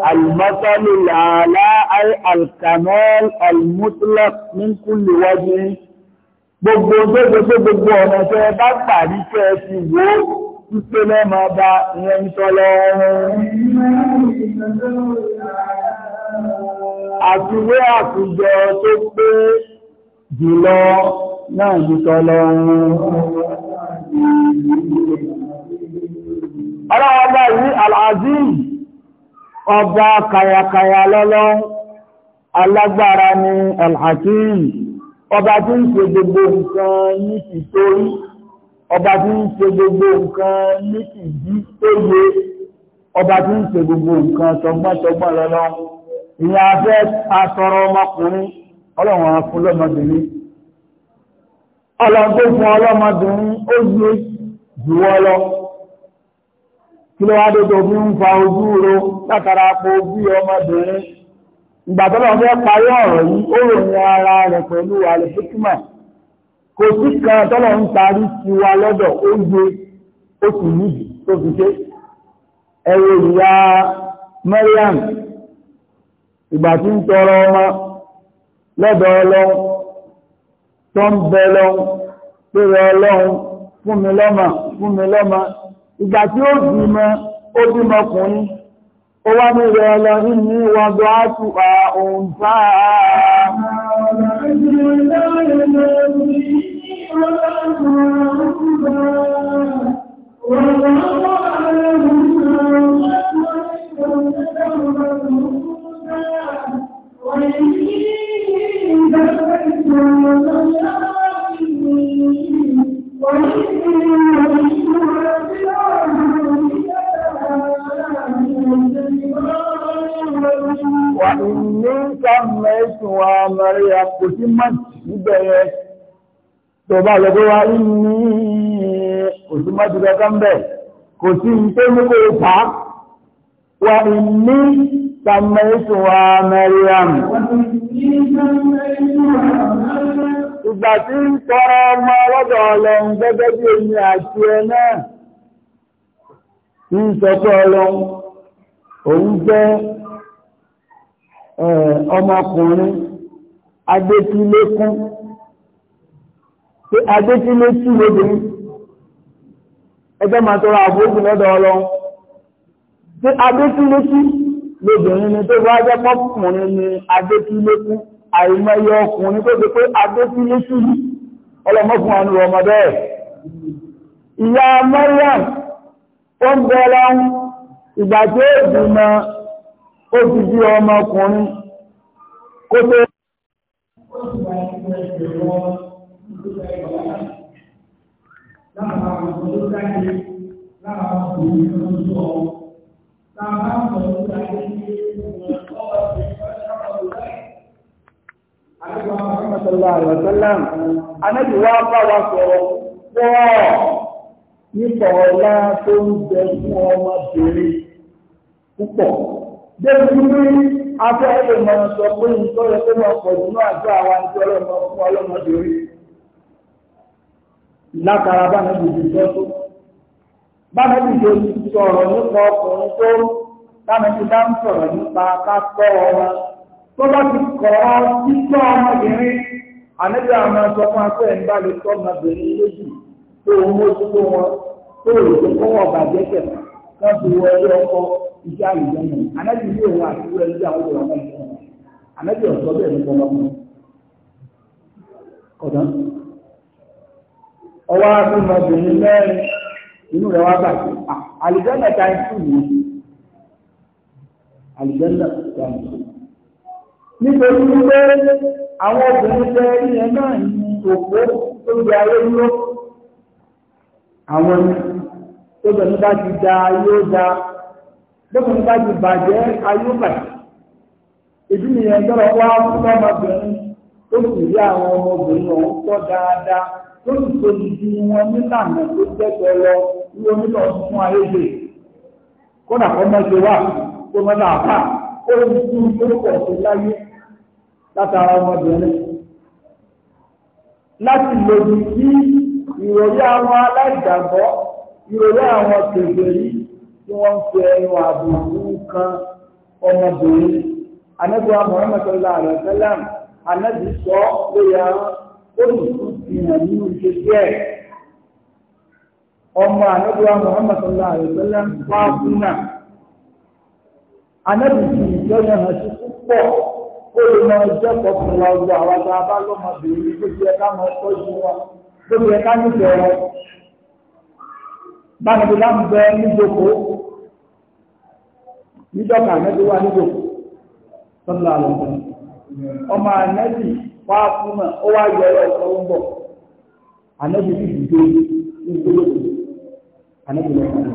Àlùmọ́sọ́lù làálá àì alkamal almutlaq ní kúlù wájú. Gbogbo gbogbo gbogbo ọ̀nà tẹ bá pàrí tẹ ti wó ìpele máa bá ìyẹn tọ́lọ àtiwé àtijọ́ tó pé jùlọ náà jùtọ́ lọ ọlọ́ọ̀bá yìí al-Aziz ọba kàyàkàyà lọ́lọ́ alágbára ni al-Hakim ọba tí ń ṣe gbogbo nǹkan ní ti torí ọba tí ń ṣe gbogbo nǹkan ní ti dí tó yé ọba tí ń ṣe gbogbo nǹkan tọgbọ́n tọgbọ́n lọ́lọ́ ìyá afẹ́ asọ̀rọ̀ ọmọkùnrin ọlọ́run àwọn fún lọ́mọbìnrin ọlọ́run tó fún ó jùwọ́ lọ kí ló wá ń fa ojú ro látara po bí ọmọbìnrin ìgbà tó lọ fẹ́ parí ọ̀rọ̀ yìí ó ròyìn ara rẹ̀ pẹ̀lú ìgbà tí ń tọrọ ọmọ lọ́dọ̀ ọlọ́run tó ń bẹ lọ́run tó rẹ ọlọ́run fún mi lọ́mọ fún mi lọ́mọ ìgbà tí ó bímọ ó bímọ kùnrin ó wá ní rẹ ọlọ́run ní ìwọ̀dọ̀ àtúwà òun bá Wọ́n tó bá lọ pé wá ní òsùmọ́tì kankan bẹ̀ kò sí tó ní pa wà ní sàmẹ́sù wa Maryam ìgbà tí ń tọrọ ọmọ ọlọ́dọ̀ ọlọ́run gẹ́gẹ́ bí èmi àti ẹ náà tí ń sọ pé ọlọ́run òun jẹ́ ọmọkùnrin adékúlékún pé agbésí ló tú lóbìnrin ẹgbẹ́ máa tọrọ àbójú lọ́dọ̀ ọlọ́run pé agbésí ló tú lóbìnrin ni tó bá jẹ́ pọ́kùnrin ni agbésí ló kú àìmọye ọkùnrin tó ti pé agbésí ló tú yìí ọlọ́mọkùn àánú ọmọdé ẹ̀ ìyá Mariam ó ń bẹ lọ́run ìgbà tí ó dùnmọ́ ó ti di ọmọkùnrin kó tó lára àwọn ọmọ tó dájú lára àwọn ọmọ tó ń sọ lára àwọn ọmọ tó dájú ní ọwọ́ ti Anábì wá bá wa sọ̀rọ̀ pọ̀ nípa ọlá tó ń bẹ fún ọmọbìnrin púpọ̀. Débi wípé afẹ́ lè mọ̀ sọ pé ìtọ́rẹ tó mọ̀ pọ̀ jù náà jọ àwọn ìtọ́rẹ mọ̀ fún ọlọ́mọbìnrin. látara báwọn ìlú ìjọ tó báwọn sọ̀rọ̀ nípa ọkùnrin tó báwọn bá ń sọ̀rọ̀ nípa kásọ̀ wọn tó bá ti kọ́ títọ́ ọmọbìnrin àníbi àwọn aṣọ fún aṣọ lè tọ́ ọmọbìnrin tó ń mójútó wọn tó lè tó bàjẹ́ wọ ẹgbẹ́ ọkọ iṣẹ́ òun àti ọwọ́ akúnmọ̀bìnrin mẹ́rin inú rẹ̀ wá ta ta nítorí wípé àwọn obìnrin tẹ ilẹ̀ náà ní òpó tó di ayé dúró àwọn tó bẹ̀rẹ̀ bá ti da ayé ó da lókùnrin bá ti bàjẹ́ ayé ó bàjẹ́ ìdí nìyẹn wá fún ọmọbìnrin tó sì rí àwọn ọmọbìnrin ọ̀hún tọ́ tó sì tó ti di wọn nílànà tó jẹ́tọ̀ lọ ní onílọ̀ fún ayébè kódà kọ́ mọ́ ṣe wà tó mọ́ náà fà ó ń kú lórúkọ tó láyé látara ọmọbìnrin láti lòdì sí ìròyìn àwọn aláìgbàgbọ́ ìròyìn àwọn kèfèrí tí wọ́n ń fi ẹnu àbùkù kan ọmọbìnrin anẹ́gbọ́n Muhammad sallallahu alaihi wasallam anẹ́bí sọ lórí àwọn olùkú ìyàn nínú ìṣesí ẹ̀ ọmọ ànábíwá Muhammad sallallahu alaihi wasallam ń bá súnà anábìsí ìjọba hàn sí púpọ̀ ó lè máa jẹ́kọ̀ọ́ fún wa gbọ́ àwọn tá a bá lọ́mọbìnrin tó fi ẹ̀ka máa tọ́jú wa tó fi ẹ̀ka nífẹ̀ẹ́ wọn báyìí láti bẹ níjókòó níjọ́ka ànábíwá níjókòó sallallahu alaihi wasallam ọmọ ànábìsí wá fún mọ̀ ó wá yọ ọ̀rọ̀ ìṣòro ń bọ̀ ànábi sì dìde ní ìgbélé òkú ànábi lọ sáré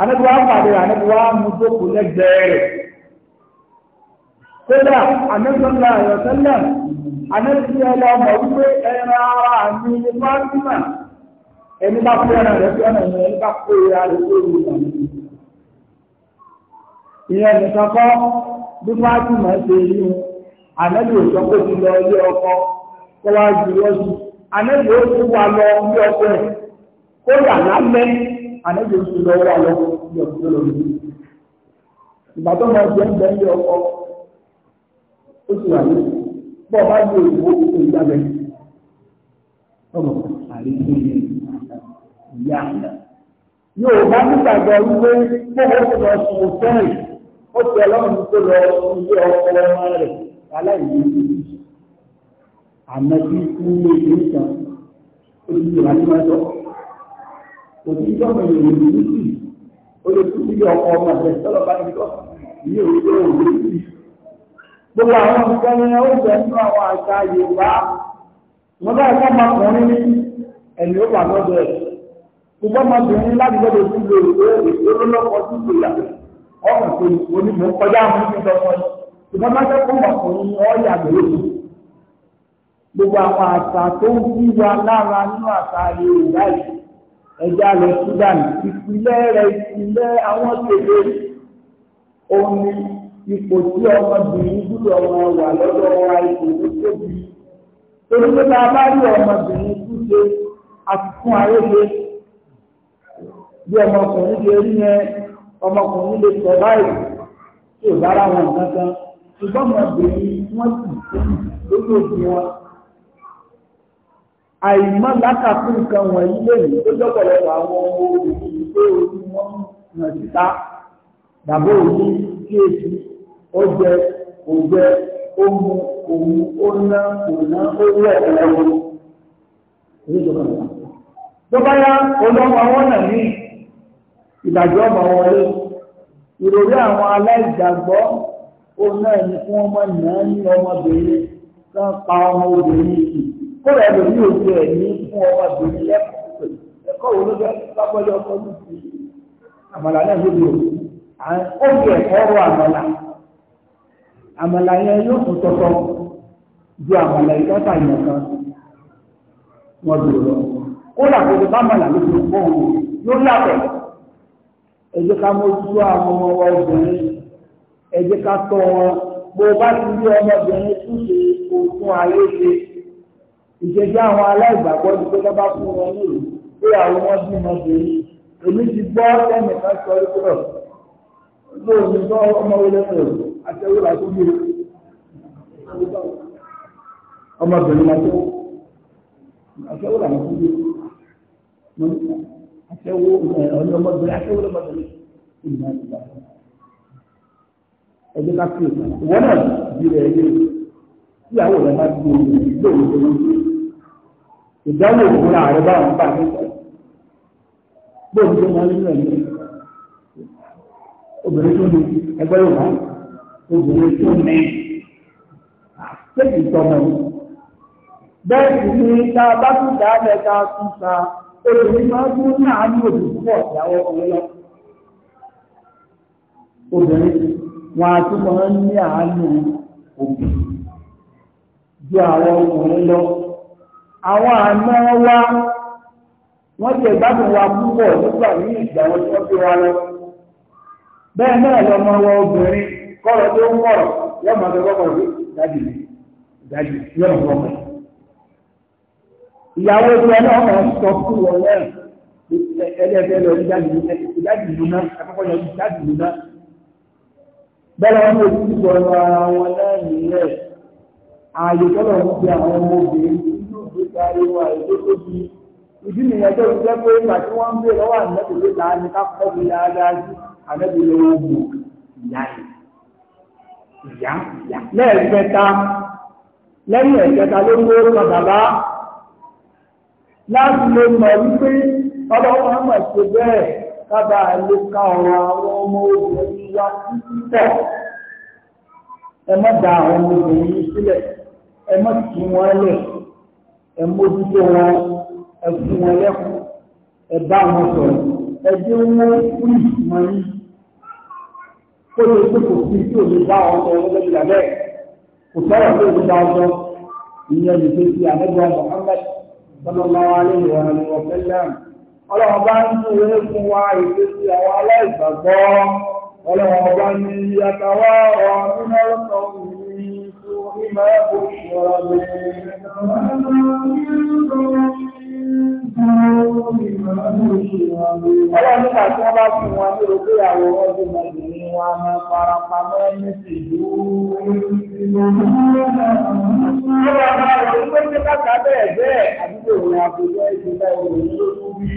ànábi wá pàdé ànábi wá mú jókòó lẹ́gbẹ̀ẹ́ rẹ̀ kódà ànábi ọ̀la ẹ̀rọ tẹ́lẹ̀ ànábi ti ẹlọ ọmọ wípé ẹran ara mi ní fásitì ẹni bá fẹ́ ẹran rẹ̀ fẹ́ ẹran rẹ̀ ẹni bá kó ìyá rẹ̀ kó ìyá rẹ̀ ìyẹn nìkan kọ́ bí fásitì ṣe yí wọn ànábì òjò kó ti lọ ilé ọkọ kó wá ju lọ́sùn ànábì ó tún wà lọ ilé ọkọ ẹ̀ kó yà lámẹ́ ànábì ó tún lọ wà lọ ilé ọkọ lọ sí. ìgbà tó máa jẹ́ ń bẹ ilé ọkọ ó sì wà ní bọ́ ọ bá gbé ìwò òkú ìjábẹ́ ọmọ àríkú yẹn ìyá àná yóò bá nígbàgbọ́ wípé kó o ti lọ sùn fẹ́rẹ̀ ó ti ọlọ́run tó lọ ilé ọkọ ọmọ rẹ̀ aláìní àmọ́ tí kú ní ìlú kan ojúṣe àdúgbàjọ òtítọ́ mi ò lè ní sí ó lè kú sílé ọkọ ọmọ rẹ tọ́lọ́ ni ó jẹ nínú àwọn àṣà Yorùbá wọn bá ẹ̀ka ọmọkùnrin ní ẹ̀mí ó wà lọ́dọ̀ ẹ̀ gbogbo ọmọbìnrin láti lọ́dọ̀ sí lórí ìwé ìwé olólọ́kọ̀ọ́ ìbá bá fẹ́ fún ọkùnrin ọ̀yà lórí gbogbo àwọn àṣà tó ń bí wa lára nínú àṣà Yorùbá yìí ẹja lọ Sudan ìpìlẹ̀ rẹ̀ ìpìlẹ̀ àwọn tèlé òun ni ipò tí ọmọbìnrin gbúdọ̀ wọn wà lọ́dọ̀ wa ipò tó tóbi torí pé tá a bá rí ọmọbìnrin tó ṣe àfikún ayé ṣe bí ọmọkùnrin ṣe rí yẹn ọmọkùnrin lè sọ báyìí tí ò bá wọn kankan ṣùgbọ́n ọmọbìnrin wọ́n sì lórí òbí wọn àìmọ́ látàkù nǹkan wọ̀nyí lèyìn tó jọ́pọ̀lọpọ̀ àwọn obìnrin tó orí wọn ràn síta bàbá òní kéèkì ó jẹ òjẹ ó mu òun ó ná òná ó wẹ̀ ẹ̀rọ tó bá yá olówó àwọn ọ̀nà ní ìdájọ́ ọmọ wọlé ìròrí àwọn aláìgbàgbọ́ ó náà ní kí wọ́n máa nà ní ọmọbìnrin kan pa ọmọbìnrin kì kódà ẹlòmí ò tiẹ̀ ní fún ọmọbìnrin lẹ́kọ̀ọ́ ẹ̀kọ́ wo ló fẹ́ lápẹ́jọ́ ọkọ ní ti àmàlà náà ló lò ó fi ẹ̀kọ́ rọ àmàlà àmàlà yẹn yóò tún tọ́tọ́ ju àmàlà ìtọ́ta ìmọ̀ kan wọ́n dùn lọ kódà kó lè bá àmàlà ló fi kó òun yóò lápẹ̀ ẹ̀jẹ̀ ká mọ́ ojú àwọn ọmọ wa obìnrin ẹ jẹ́ ká tọ́ wọn bó bá ti rí ọmọbìnrin tún ṣe òkun ayé ṣe ìṣẹ́jú àwọn aláìgbàgbọ́ ni pé wọ́n bá fún wọn nílùú pé àwọn wọn bí wọn ṣe yìí èmi ti gbọ́ ẹnìkan sọ ẹ́ kúrọ̀ lóòrùn tó ọmọ wọlé rẹ̀ àtẹwúrà tó bí ọmọbìnrin máa tó àtẹwúrà máa tó bí àtẹwó ọmọbìnrin àtẹwúrà máa tó bí ìgbà ìgbà ẹgbẹ́ ká pè wọ́n náà di rẹ̀ ní tí àwọn ọ̀rẹ́ bá di omi òun tó ń gbé ìdánwò ìfúnra rẹ̀ bá wọn bá nípa gbóòmù tó máa ń rẹ̀ obìnrin tó ní ẹgbẹ́ yóò wá obìnrin tó ní àtẹ́kì tọmọ bẹ́ẹ̀ sì ni ta bá tún dáálẹ̀ ká tún sa obìnrin máa tún náà ní òbí púpọ̀ ìyàwó ọkùnrin lọ obìnrin wọn àti wọn ní àánú òbí ju àwọn ọkùnrin lọ àwọn àna wa wọn jẹ ìgbádùn wa púpọ̀ nígbà ní ìgbà wọn tí fi wa lọ bẹ́ẹ̀ náà lọmọ wọn obìnrin kọrọ tó ń kọrọ yóò máa fẹ́ kọkọ yóò ìyàwó náà máa sọ fún wọn lẹ́yìn ẹlẹ́fẹ́ lọ yọ bẹ́ẹ̀ wọ́n lè ti sọ̀rọ̀ ara wọn lẹ́yìn rẹ̀ ààyè tọ́lọ̀ ń fi àwọn ọmọ obìnrin nínú ìgbésí ayé wa èdè tó di ìdí nìyẹn tó ti jẹ́ pé ìgbà tí wọ́n ń bè lọ́wọ́ àmì pé ta ni ká kọ́ mi dáadáa sí àmẹ́bí lọ́wọ́ ògùn ìyá ìyá ìyá lẹ́ẹ̀kẹta lẹ́yìn ẹ̀kẹta ló ń lórúkọ bàbá kábà ló ká ọ̀rọ̀ àwọn ọmọ obìnrin wa títí tẹ̀. ẹ má da àwọn ọmọ obìnrin sílẹ̀ ẹ má tì wọ́n lẹ̀ ẹ mójútó wọn ẹ fún wọn lẹ́kùn ẹ bá wọn sọ̀rọ̀ ẹ dé wọn fún ìmọ̀ yìí kó lè tó kò sí tí ò bá wọn sọ wọn lẹ́yìn abẹ́ kò sọ̀rọ̀ tó lè bá wọn ìyẹn lè fi ti àmẹ́gbọ́n Muhammad sallallahu alaihi wa sallam ọlọ́run bá ń tún owó fún wa èdè sí àwọn aláìgbàgbọ́ ọlọ́run bá ní àtàwà ọ̀rọ̀ nínú ọ̀rọ̀ Ìmọ̀ ẹ̀kọ́ ìṣọ́ra lè. Ọlọ́run nígbà tí wọ́n ní wọn a máa fara pamọ́ méjì ìlú. Ó wà máa rò wípé ṣé bàtà bẹ́ẹ̀ bẹ́ẹ̀ àdúgbò òun àbújá ìjọba ìròyìn ló kú bí.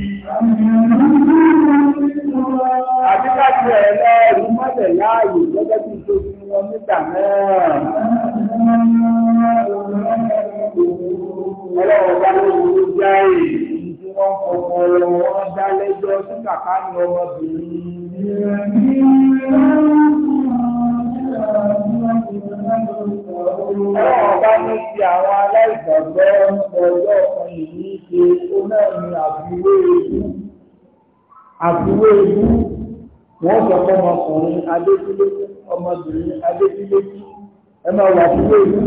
Àti láti ẹ̀ lọ ìlú mọ́lẹ̀ láàyè gẹ́gẹ́ bí tó fi wọn nígbà náà. Ọlọ́run bá ló wúlò jáì. Ìdí wọn kọ̀ọ̀kan wọn dá lẹ́jọ́ sí kàkà ní ọmọbìnrin. Ọlọ́run bá wọ́n sọ fún ọmọkùnrin Adékúlé ọmọbìnrin Adékúlé ẹ wà àfiwé ebú.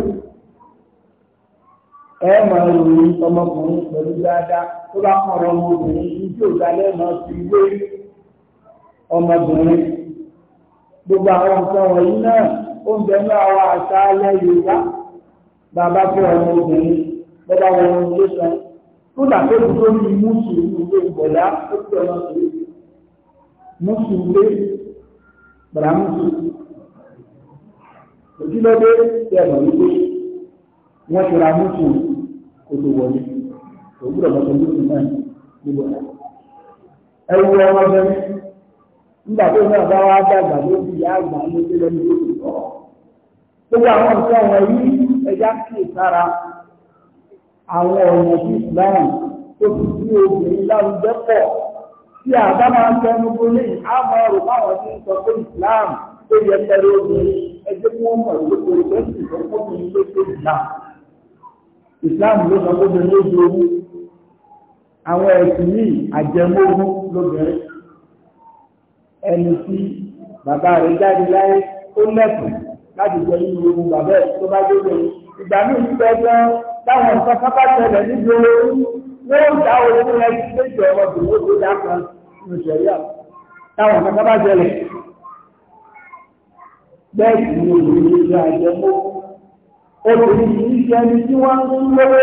Ẹ máa ọmọkùnrin pẹ̀lú dáadáa tó bá kàn ọmọbìnrin ní tí ò dálẹ́ máa fi ọmọbìnrin gbogbo àwọn nǹkan wọ̀nyí náà ó ń bẹ̀rẹ̀ àwọn àṣà alẹ́ Yorùbá bàbá fẹ́ ọmọbìnrin bọ́bá wọn ń lé sàn kódà tó kú tó ní mùsùlùmí ilé ìbọ̀dá ó pè ọmọ sí mùsùlùmí bàrà mùsùlùmí òjúlọ́dé tí ẹ̀mọ̀ wípé wọ́n ti ra mùsùlùmí kó tó wọlé òwúrọ̀ mọ́tò mùsùlùmí náà níbọ̀dá ẹ̀wù ọmọbìnrin nígbà tó náà bá wá dàgbà ló di ìyá àgbà ló dé lẹ́nu ló ti Gbogbo àwọn nǹkan ẹja kì í sára àwọn ọ̀nà tó fi sí obìnrin lárugẹ pọ̀ tí àbá máa ń tẹnu gbólé àmọ́ ọ̀rọ̀ ń sọ pé tó yẹ pẹ̀lú obìnrin ẹjẹ́ kí wọ́n mọ̀ ẹni tí bàbá rẹ̀ jáde láyé ó lẹ́kùn láti jẹ yíyí ogun bàbá ẹ̀ tó bá gbé ìgbà míì ń bẹ gan láwọn nǹkan sábà tẹlẹ níbi olórí yóò dá owó rẹ léjọ ọdún ó tó dá kan ní ìṣẹ̀lẹ̀ táwọn nǹkan sábà tẹlẹ bẹ́ẹ̀ sì ni obìnrin ìjọ àjẹmọ́ obìnrin yìí jẹ ẹni tí wọ́n ń lówó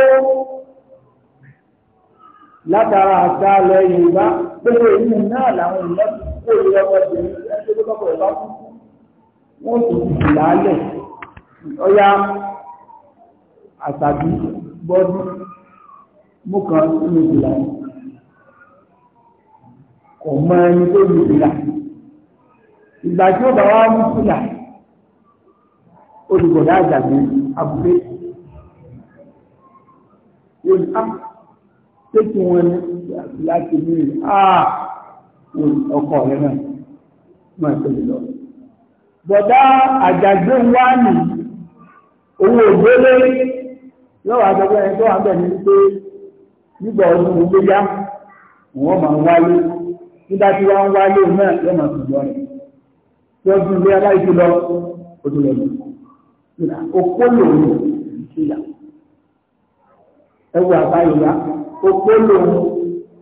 látara àṣà alẹ́ Yorùbá gbogbo ìlú náà làwọn ìlọ́sùn kó ìrẹ́ ọmọdébìnrin ẹgbẹ́ tó lọ́pọ̀ ẹ̀ bá kú wọ́n tó ti sì lálẹ̀ ọya àtàbí bọ́dún mú kan nínú ìlà kò mọ ẹni tó ní ìlà ìgbà tí ó bá wá mú sílà olùgbọ̀dá àjàgbé abúlé yóò ní á ah, tẹ́kùn wọn ní láti mú ìlà ọkọ rẹ náà máa tó lè lọ. bọ̀dá àjàgbé wá nì owó ògbélé lọ́wọ́ àgbẹ̀gbẹ̀ ẹni tó wà bẹ̀ ní pé nígbà ọdún gbé yá wọ́n máa ń wáyé nígbà tí wọ́n ń wáyé náà yóò máa fi lọ rẹ̀ tí wọ́n tún aláìsí lọ ojú lọ lọ. òpó lòun kì í ṣe yà ẹwù àbáyé yá òpó lòun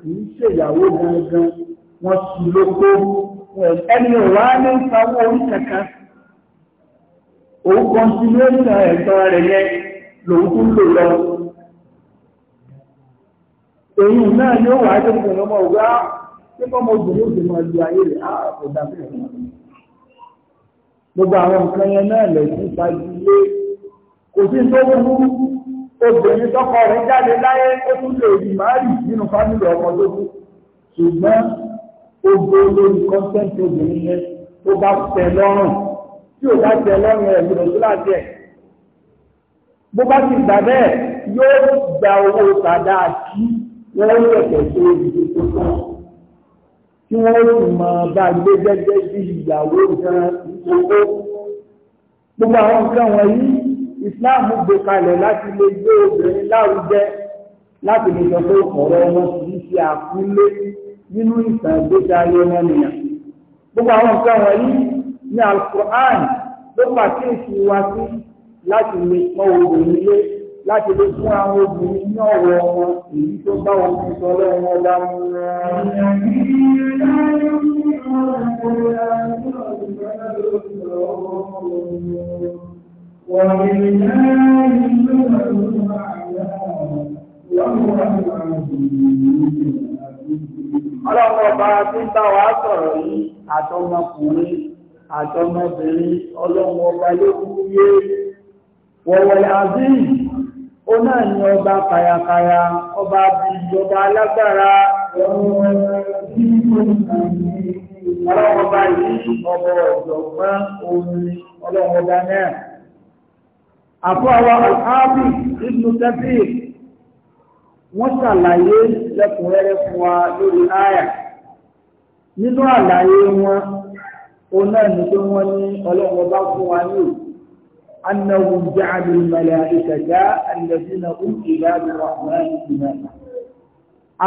kì í ṣèyàwó gangan wọ́n sì lóko ẹni wà ní ìsanwó orí kankan òun kan sí lórí ẹ̀tọ́ rẹ̀ yẹn lòun tún lò lọ èyí náà yóò wà ní ìpínlẹ̀ ọmọ òwúrọ̀ tí kọ́mọ obìnrin òbí máa lu ayé rẹ̀ ààbò dàbí rẹ̀ gbogbo àwọn nǹkan yẹn náà lẹ́sìn ìpàdé kò sí tó burú obìnrin tọkọ rẹ̀ jáde láyé ó tún lè rí màárì nínú fámìlì ọkọ tó kú ṣùgbọ́n ó gbé lórí kọ́ńtẹ́ǹtì obìnrin yẹn tó bá tẹ́ lọ́rùn tí ò bá tẹ́ lọ́rùn ẹ̀ gbọ́dọ̀ tó láti ẹ̀. bó bá ti gbà bẹ́ẹ̀ yóò gba owó padà kí wọ́n tẹ̀tẹ̀ tó ìdíje tó tán tí wọ́n sì máa bá gbé gẹ́gẹ́ bí ìyàwó gan ìṣòro. gbogbo àwọn nǹkan wọ̀nyí Islam gbé kalẹ̀ láti lè gbé obìnrin láwùjẹ láti lè sọ pé ọ̀rọ̀ wọn kì í ṣe àkúlé nínú ìtàgbéga ayé ọmọnìyàn gbogbo àwọn nǹkan wọ̀nyí ní alukur'an ló pàkíyèsí wa sí láti lè pọn obìnrin lé láti lè fún àwọn obìnrin ní ọ̀rọ̀ wọn èyí tó bá wọn fi sọ lọ́wọ́ ọba mú Thank you ọlọ́pọ̀ bá tí ń bá wa sọ̀rọ̀ yìí àtọmọkùnrin àtọmọbìnrin ọlọ́wọ́ ọba ló kú yé wọ̀wọ̀lẹ̀ azeez ó náà ní ọba kayakaya ọba bíi ọba alágbára ọlọ́wọ́ ọba yìí ọba ọ̀jọ̀gbọ́n omi ọlọ́wọ́ ọba náà àfọwọ́ àbí ibùdókẹ́sì wọ́n ṣàlàyé lẹ́kùnrẹ́rẹ́ fún wa lórí àyà nínú àlàyé wọn òun náà ní pé wọ́n ní ọlọ́wọ́ bá fún wa ní annahum ja'alu al-mala'ikata alladhina hum ibadu rahman inama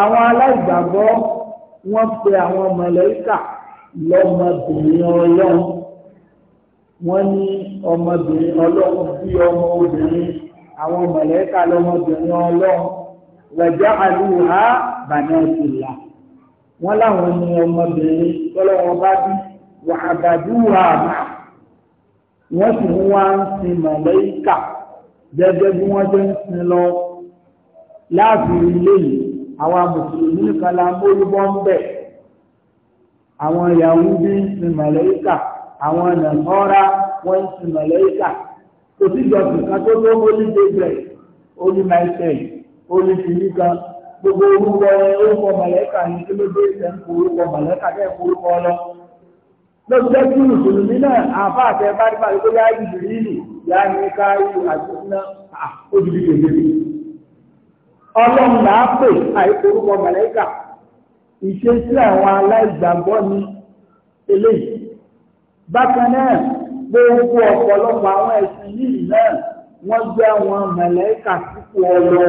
àwọn aláìgbàgbọ́ wọ́n pe àwọn màláíkà lọ́mọbìnrin ọlọ́run wọ́n ní ọmọbìnrin ọlọ́run bí ọmọ obìnrin àwọn màláíkà lọ́mọbìnrin ọlọ́run wẹ̀jẹ̀ àlùhà bànẹ́tìlá wọn láwọn ní ọmọbìnrin tọ́lọ́wọ́ bá bí wà àbàdúrà àmà wọ́n sì ń wá ń sin màlẹ́kà gẹ́gẹ́ bí wọ́n jẹ́ ń sin lọ láàbùrù ilé yìí àwọn mùsùlùmí nìkan la mórúbọ́ ń bẹ̀ àwọn Yahudi ń sin màlẹ́kà àwọn nàìjíríà wọ́n ń sin màlẹ́kà kò sí ìjọsìn kan tó tó mólídéé ó ní máa ń sẹ́yìn olùsìníkà gbogbo orúkọ orúkọ mọ̀lẹ́kà ní kí ló dé ìṣẹ́ ń kó orúkọ mọ̀lẹ́kà kẹ́ kó orúkọ lọ. lọ́jọ́ tí mùsùlùmí náà àfa àti ẹ̀fá nípa ìgbé yá ìdìrí ìlì yá ní káyé àtúnná òdìdí kèké. ọlọ́run là á pè àìkó orúkọ mọ̀lẹ́kà ìṣesí àwọn aláìgbàgbọ́ ni eléyìí. bákan náà gbogbo ọ̀pọ̀lọpọ̀ àwọn ẹ̀sìn yìí náà wọ́n jẹ́ àwọn mẹ̀lẹ́kà sípò ọlọ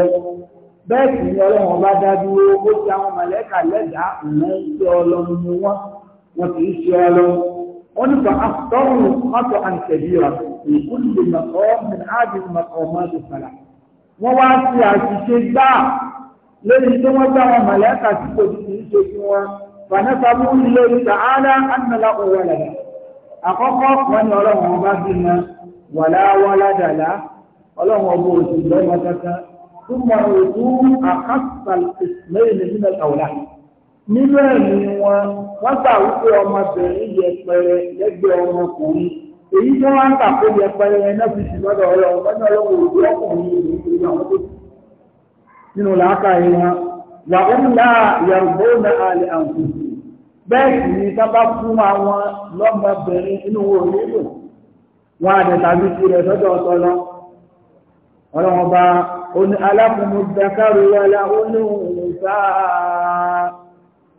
bẹ́ẹ̀ sì ni ọlọ́run ọba dádúró ó ti àwọn mẹ̀lẹ́kà lẹ́dàá òun ṣe ọlọ́run ni wọ́n wọn kì í ṣe ọlọ́run wọ́n ní fa àtọ́rùn mọ́tò àǹtẹ̀bíra ìkúlù mọ̀kọ́ mìíràn mọ̀kọ́ mọ́tò fàlà wọ́n wá sí àṣìṣe gbá lórí tí wọ́n gbá wọn mẹ̀lẹ́kà sípò kì í ṣe fún wọn fànẹ́fàmù ilé ìtàhálà ànàlá òwò ọlọ́run ọgbọ́ òṣù lọ́mọ kankan tó mọ òkú àkásàl ìsìlẹ́yìn nílẹ̀ àwòrá nínú ẹ̀mí wọn wọ́n gbà wípé ọmọbìnrin yẹpẹrẹ lẹ́gbẹ̀ẹ́ ọmọkùnrin èyí tó wá ń tà pé yẹpẹrẹ náà fi sì lọ́dọ̀ ọlọ́run lọ́dọ̀ ọlọ́run òkú ọkùnrin ìlú àwọn tó nínú làákàyè wọn wà ń lá yàrùbó na àlè àǹfùsì bẹ́ẹ̀ sì ni ká bá fún àwọn lọ́mọbìnrin inú wo nílò wọn àdẹ̀tàbí ti rẹ̀ sọ́dọ̀ ọ̀tọ̀ lọ ọlọ́run bá alákùnrin dakaru wàlá olóòrùnsá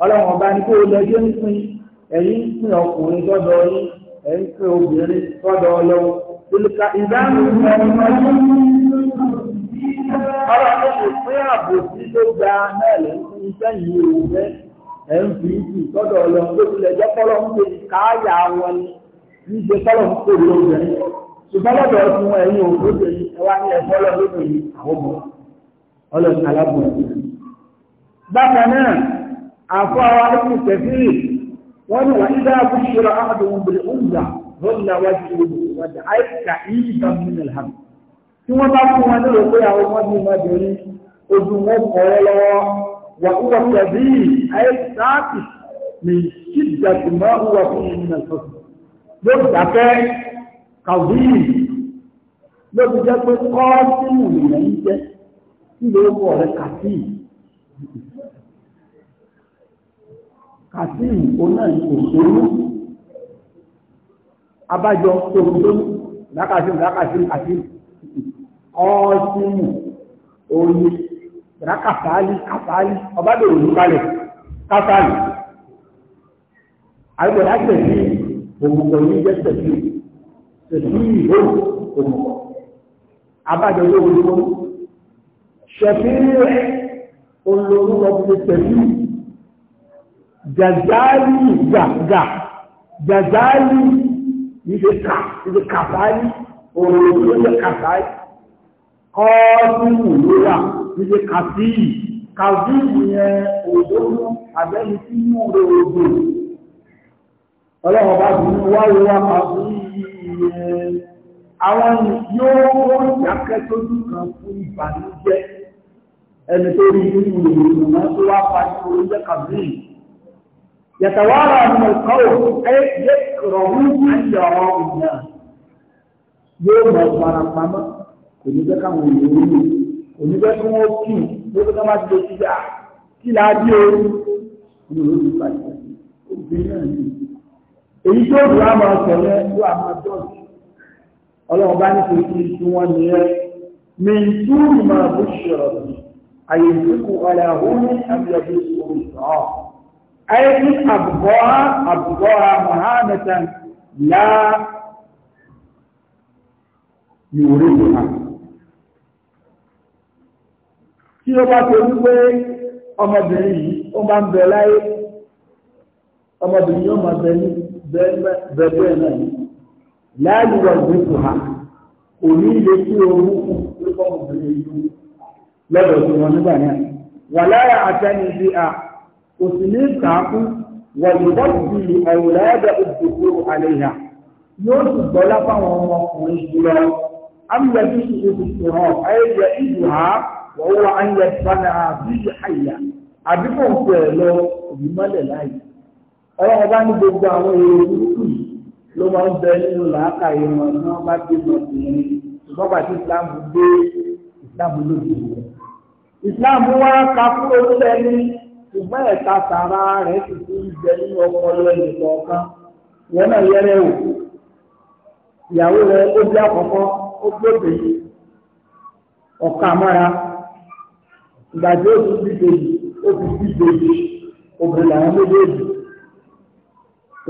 ọlọ́run bá ní kó o lọ́jọ́ ń pin ẹ̀yìn ń pin ọkùnrin sọ́dọ̀ yín ẹ̀yìn ń pin obìnrin sọ́dọ̀ ọlọ́run olùkà ìdánù ọlọ́run kò pín àbòsí tó gba náà lẹ́yìn fún iṣẹ́ yìí ò fẹ́ ẹ̀ ń fi ìsìn sọ́dọ̀ ọlọ́run tó tilẹ̀ jẹ́ kọ́lọ́ ń pè káyà wọn ní ṣe kọ́lọ́ ń pè lóbìnrin ṣùgbọ́n lọ́dọ̀ ọdún ẹ̀yìn òkúrò yìí ẹwà ní ẹ̀fọ́ lọ́dọ̀ yìí àwọn ọmọ ọlọ́sìn alábùrù. bákan náà àfọ́ àwọn arúgbó tẹ̀sírì wọ́n ní wàá dá kú ṣọ́ra áàdùn òǹbìrì òǹgbà lọ́nà wájú ìlú wàjà àìkà ìyíká nínú ìlhàm. tí wọ́n bá fún wọn ó wọ́n tẹ̀sí kàwíì ló fi jẹ́ pé kọ́ọ̀tìmù nìyẹn ń jẹ́ nílé owó ọ̀rẹ́ kàtíì kàtíì oná ìkòsónú abájọ òkúsónú lákàtí lákàtí àti kọ́ọ̀tìmù oyin ìrá kàfàálì kàfàálì ọba lè rìn kalẹ̀ kàfàálì àgbẹ̀dá tẹ̀sí òmùkọ̀ yìí jẹ́ tẹ̀sí tẹ̀sí ìhó òmùkọ̀ abájọ yóò wọlé wọn ṣẹ̀fí rẹ̀ olórí ọ̀pọ̀ tẹ̀sí jàzáàlì gàgà jàzáàlì ìṣe kà ìṣe kàbáyì olórí ìṣe kàbáyì kọ́ọ̀tù ìlúra ìṣe tí mú rẹ̀ òdò ọlọ́wọ́ bá bí wáyé wá kàbíyì àwọn yóò yàkẹ́ tó dùkan fún ìbànújẹ́ ẹni tó rí nínú ìròyìn náà tó wá pa ní orílẹ̀ kàbí yàtàwárà ọmọ ìkọ́wò ẹ yẹ rọ̀rùn àti ọ̀rọ̀ ìyá yóò mọ̀ fara pamọ́ kò ní jẹ́ káwọn èèyàn rí kò ní jẹ́ kí wọ́n kì í ló tó káwọn ti lè ti dà kí láàbí ooru ní orí ìpàdé obìnrin náà èyí tó dùn á máa sọ yẹn ló á máa jọ sí ọlọ́run bá ní kìí kìí tí wọ́n ní ẹ mi tú máa bó ṣọ̀rọ̀ bí àyè ìdínkù ọ̀rẹ́ àwọn ní abiyabí omi sọ ayé ní àbùkọ́ àbùkọ́ àmàhánẹ́tà yá ìwòrè tó hàn tí ó bá tó wípé ọmọbìnrin yìí ó máa ń bẹ láyé ọmọbìnrin yóò máa bẹ ní bẹ́ẹ̀ náà ni láàyè wà gbogbo ha kò ní ilé tí o mú fún pípọ́ obìnrin yìí lọ́dọ̀ tí wọ́n nígbà náà wà láyà àtẹni bí a kò sì ní kàákún wà lùbọ́ sí ọ̀rọ̀ ẹ̀dẹ̀ òdòdó ayẹyẹ ìlú ha wọ́n ayẹyẹ ìfànà àbí ìṣàyà àbíkò ń pẹ̀ lọ òbí mọ́lẹ̀ láyìí ọlọ́run bá ní gbogbo àwọn èrò burúkú yìí ló máa ń bẹ nínú làákàyè wọn ní wọn bá gbé wọn tìrín ṣùgbọ́n pàtó islam dé islam lòdì rẹ̀ islam wá ka kúrò sẹ́ni ṣùgbọ́n ẹ̀ka sàrà rẹ̀ sì ti ń bẹ nínú ọpọlọ ẹnì kọ̀ọ̀kan wọn náà yẹrẹ o ìyàwó rẹ̀ ó bí àkọ́kọ́ ó gbòdè ọ̀ka mọ́ra ìgbà ó ti bí kejì ó ti bí kejì obìnrin làwọn méjèèjì.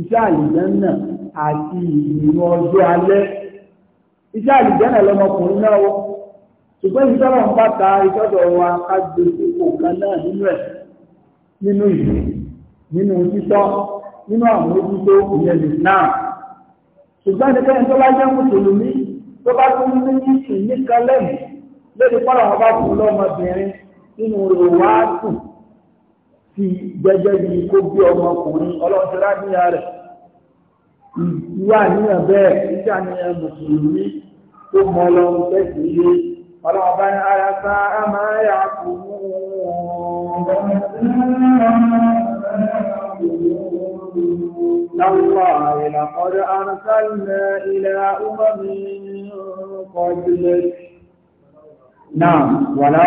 iṣẹ́ àlìjẹ́nà àti ìrìn ọjọ́ alẹ́ iṣẹ́ àlìjẹ́nà lọmọkùnrin náà wọ́n ṣùgbọ́n ìṣọ́rọ̀ ń bàtà ìṣọ́dọ̀ wa kágbé sípò kan náà nínú ẹ̀ nínú ìlú nínú títọ́ nínú àmójútó ìyẹn lè náà ṣùgbọ́n ní kẹ́yìn tó bá jẹ́ mùsùlùmí tó bá tún ní ìsìn ní kan lórí pọ́nà wọn fún lọ́mọbìnrin nínú rẹ̀ wá ti gẹ́gẹ́ bí kó bí ọmọkùnrin ọlọ́sẹ̀rá níyà rẹ̀ ìwà níyàn bẹ́ẹ̀ ìjà níyàn mùsùlùmí tó mọ ọlọ́run tẹ́sí ilé ọlọ́ọ̀bá ara sá á máa ya kú تالله لقد أرسلنا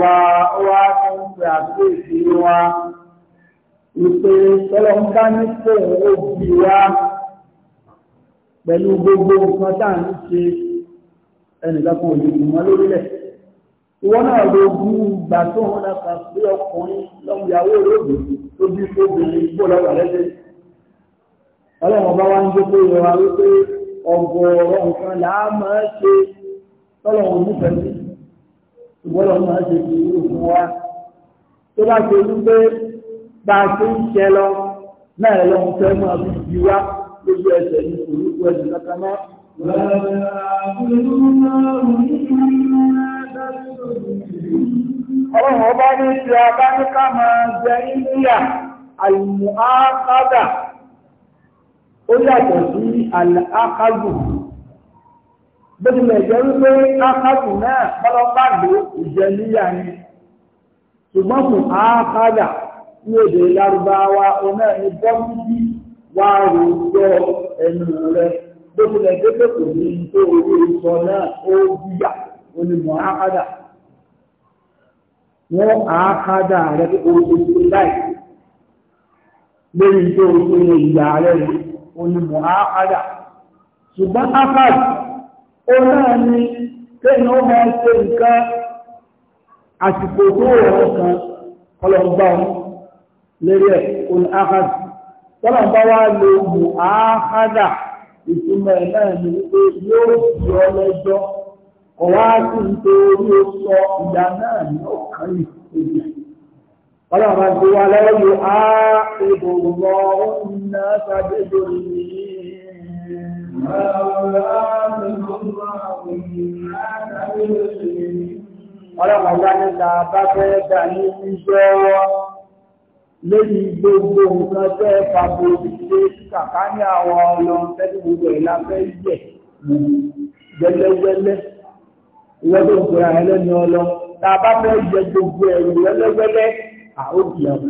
ọba ó wá tó ń pè àkíyèsí wa ìpè tọ́lọ́mùká ní fóun ó bí wa pẹ̀lú gbogbo nǹkan tá à ń ṣe ẹnìkan kan ò lè gùn mọ́ lórílẹ̀ ìwọ náà ló bú ìgbà tó ń dáka sí ọkùnrin lọ́mùyàwó olóògbé tó bí obìnrin gbó ọlọ́run bá wá ń gbé pé ìrora wípé ọgọ́rọ̀ nǹkan là máa ṣe tọ́lọ́run nífẹ̀ẹ́ sí ìgbọ́dọ̀ máa ṣe fi irú fún wa tó bá ṣe ní pé bá a ṣe ń ṣe lọ náà lọ ń fẹ́ máa fi bí wá lójú ẹsẹ̀ ní orúkọ ẹ̀sìn kankan náà. Ọlọ́run ọba ní ti ọba ní ká máa jẹ India àìmọ̀ ákádà ó yàtọ̀ sí àlàákádùn. bó tilẹ̀ jẹ́ wípé ákàtù náà pọ́lọ́pàdé ìjẹniyà ni ṣùgbọ́n fún ákàdà ní èdè lárúbáwá ọ̀nà ìbọ́mùsí wà rúgbọ́ ẹnu rẹ̀ bó tilẹ̀ jẹ́ kò ní tó orí ìsọ náà ó onímọ̀ ákàdà wọ́n ákàdà o ṣe ṣe láì lórí tó o ṣe onímọ̀ ákàdà ṣùgbọ́n ákàdà ó náà ni lẹ́yìn ó máa ṣe nǹkan àsìkò tó rọ̀ kan kọlọ̀mbá lérí ẹ̀ òun áhàdà kọlọ̀mbá wá lo mù áhàdà ìtumọ̀ ẹ̀ náà ni wípé yóò fi ọ ọ̀wá sí nítorí ó sọ ìyá náà ní ọ̀kan ìpèjì ọlọ́run àti wa lọ́wọ́ yóò á ìbò lọ́wọ́ ń ná sábẹ́ lórí Ọlọ́pàá bá ní ta bá fẹ́ dà ní ìjọ lórí gbogbo nǹkan tẹ́ pàbò ìṣe kàkà ní àwọn ọlọ́run tẹ́lú gbogbo ìlà fẹ́ yẹ̀ gẹ́lẹ́gẹ́lẹ́. Ìwọ́n ẹlẹ́ni ọlọ́ ta bá fẹ́ yẹ gbogbo ẹ̀rù gẹ́lẹ́gẹ́lẹ́ àókìyàn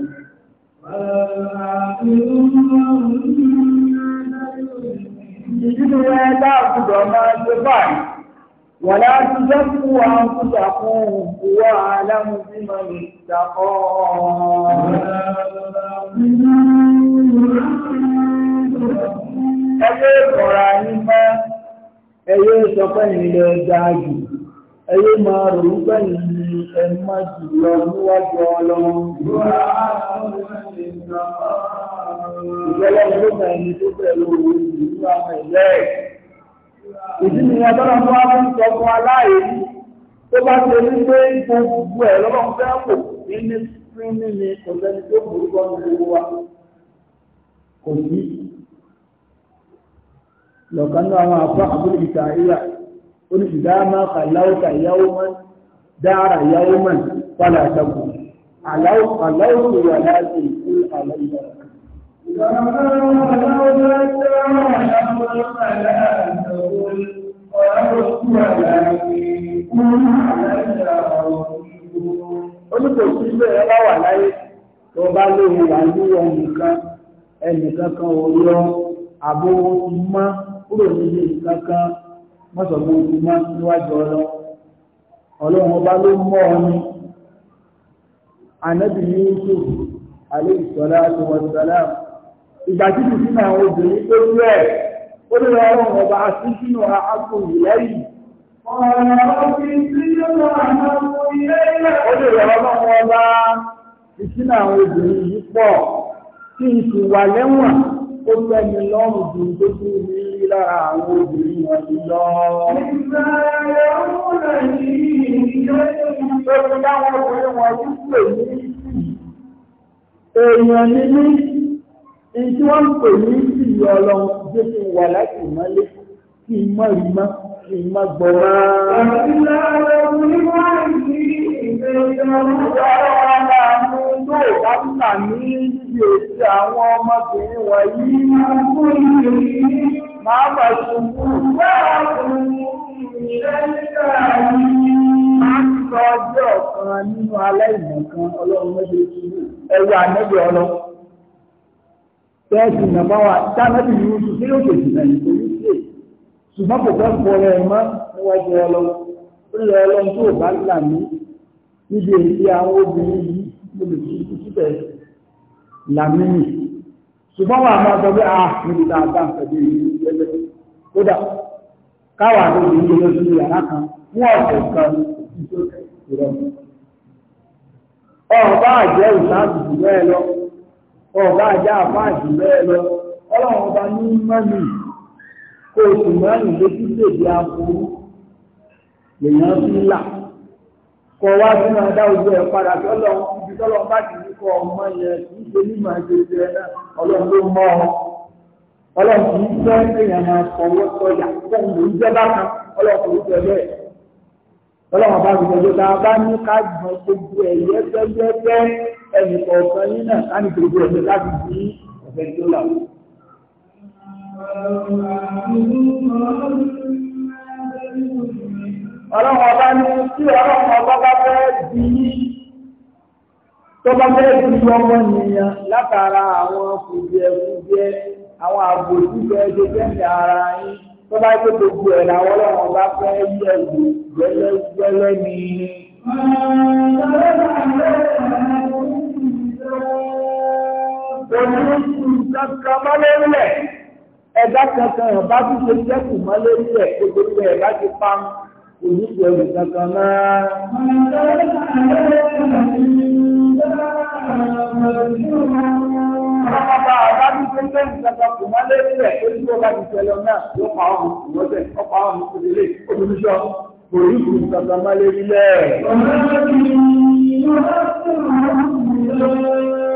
ìdíjú rẹ̀ láàbùdọ̀ máa ṣe báyìí wà láti jẹ́ kú àwọn kúta fún ìwọ aláwọ̀ bí mo lè ṣàkọ́ ẹgbẹ́ ìkọ̀ra yín mọ́ ẹyẹ ìsọpẹ́ ìrìnlẹ̀ ọjà jù ẹyẹ máa rò wípé ìrìn ẹ̀mọ́ jù lọ níwájú ọlọ́run ìgbẹ́lẹ́ ló mọ ẹni tó bẹ̀rẹ̀ owó ìlú àwọn ìlẹ́ ẹ̀. ìdí ni ọlọ́run tó wá fún sọ fún aláì tó bá ṣe ní pé gbogbo ẹ̀ lọ́wọ́ fẹ́ wò ní ní sírímì tó burú gbogbo wa kò sí. lọ́kàn àwọn afọ àbúrò ìyá oníṣìdá máa kà láwùkà Oníkò sí ilé ẹlá wà láyé tó bá lóhun wà ní ẹnìkan, ẹnìkan kan orí ọ, àbó mọ́ kúrò nílé ìkankan mọ́sọ̀gbọ́n ti mọ́ níwájú ọlọ́. Ọlọ́run ọba ló mọ́ ọ ní. Ànábì Yusuf, alayhi salatu wa salam, ìgbà tí kò sínú àwọn obìnrin tó rú ẹ̀ ó lè lọ Ọrụ ọba sí sínú àákò ìlẹ́yìn. ó lè lọ sí sínú àwọn kí ó fẹ́mi lọ́rùn ju tó kú ní lára àwọn obìnrin wọ̀nyí lọ. ìtí wọ́n ń pè ní ìlú ọlọ́run jẹ́ kí wà láti ìmọ́lé kí ìmọ̀ ìmọ̀ kí ìmọ̀ gbọ́ra. ìlà ọ̀rọ̀ ní wọ́n ń rí ìgbésẹ̀ ọ̀rọ̀ àwọn tó bá ń tà ní ibi èsì àwọn ọmọbìnrin wọ̀nyí máa ń kó ìlú máa bà ṣubú. báà kò ní ìrẹ́lẹ́sà yìí máa ń sọ ọjọ́ kan nínú aláìmọ̀ kan ọlọ́run mẹ́jọ tẹ́ẹ̀sì nàbá wa tánábì yìí oṣù tí yóò tètè náà nípa orí sí èyí ṣùgbọ́n kò fẹ́ fọ ọ̀rọ̀ ẹ̀ mọ́ níwájú ọlọ́ orí ọlọ́ tó bá là mí níbi èyí àwọn obìnrin yìí mo lè fi ikú síbẹ̀ là mí nì ṣùgbọ́n wà máa sọ pé ah níbi tá bá ń pẹ̀lú ìlú ẹgbẹ́ kódà káwà ló ń gbé lọ yàrá kan fún ọ̀sẹ̀ kan ìṣòro ọ̀bá àjẹ́ ìṣáàbù bẹ́ẹ̀ lọ ọba àjá àfáàjì bẹ́ẹ̀ lọ ọlọ́run ọba ní mọ́nì kó o sì mọ́nì létí lèdè aburú lèèyàn fi là kọ wá sí máa dá ojú ẹ padà tí ọlọ́run ibi tọ́lọ́ bá ti ní kọ ọmọ yẹn kì í ṣe ní màá ṣe ṣe ẹ náà ọlọ́run ló ọ ọlọ́run kì í fẹ́ máa sọ̀yà fún òun jẹ́ bákan ọlọ́run kò ní jẹ ẹnì kọ̀ọ̀kan yín náà ká gbogbo ẹ̀mí láti bí ọ̀fẹ́ tó là Ọlọ́run ọba ní tí ọlọ́run ọba bá fẹ́ àwọn àbò síbẹ̀ ṣe jẹ́ǹdà ara yín tó bá tó gbogbo ẹ̀ làwọn ọlọ́run ọba fẹ́ yẹ̀ wò gbẹ́lẹ́gbẹ́lẹ́ ni. Ọ̀rọ̀ oníṣù kankan má lórí rẹ̀ ẹ̀dá kankan ọ̀bá tó ṣe sẹ́kù má lórí rẹ̀ gbogbo ẹ̀dá ti pa oníṣù ẹ̀rù kankan náà. Ọlọ́pàá àbá tó ṣe sẹ́kù kankan kò má lórí rẹ̀ oníṣù ọba ti ṣẹlẹ̀ náà yóò pa ọ̀hún ìwọ́sẹ̀ ọ̀pá ọ̀hún ìṣẹ̀lẹ̀ olùmíṣọ́ kò ní kù kankan má lórí rẹ̀. Ọlọ́pàá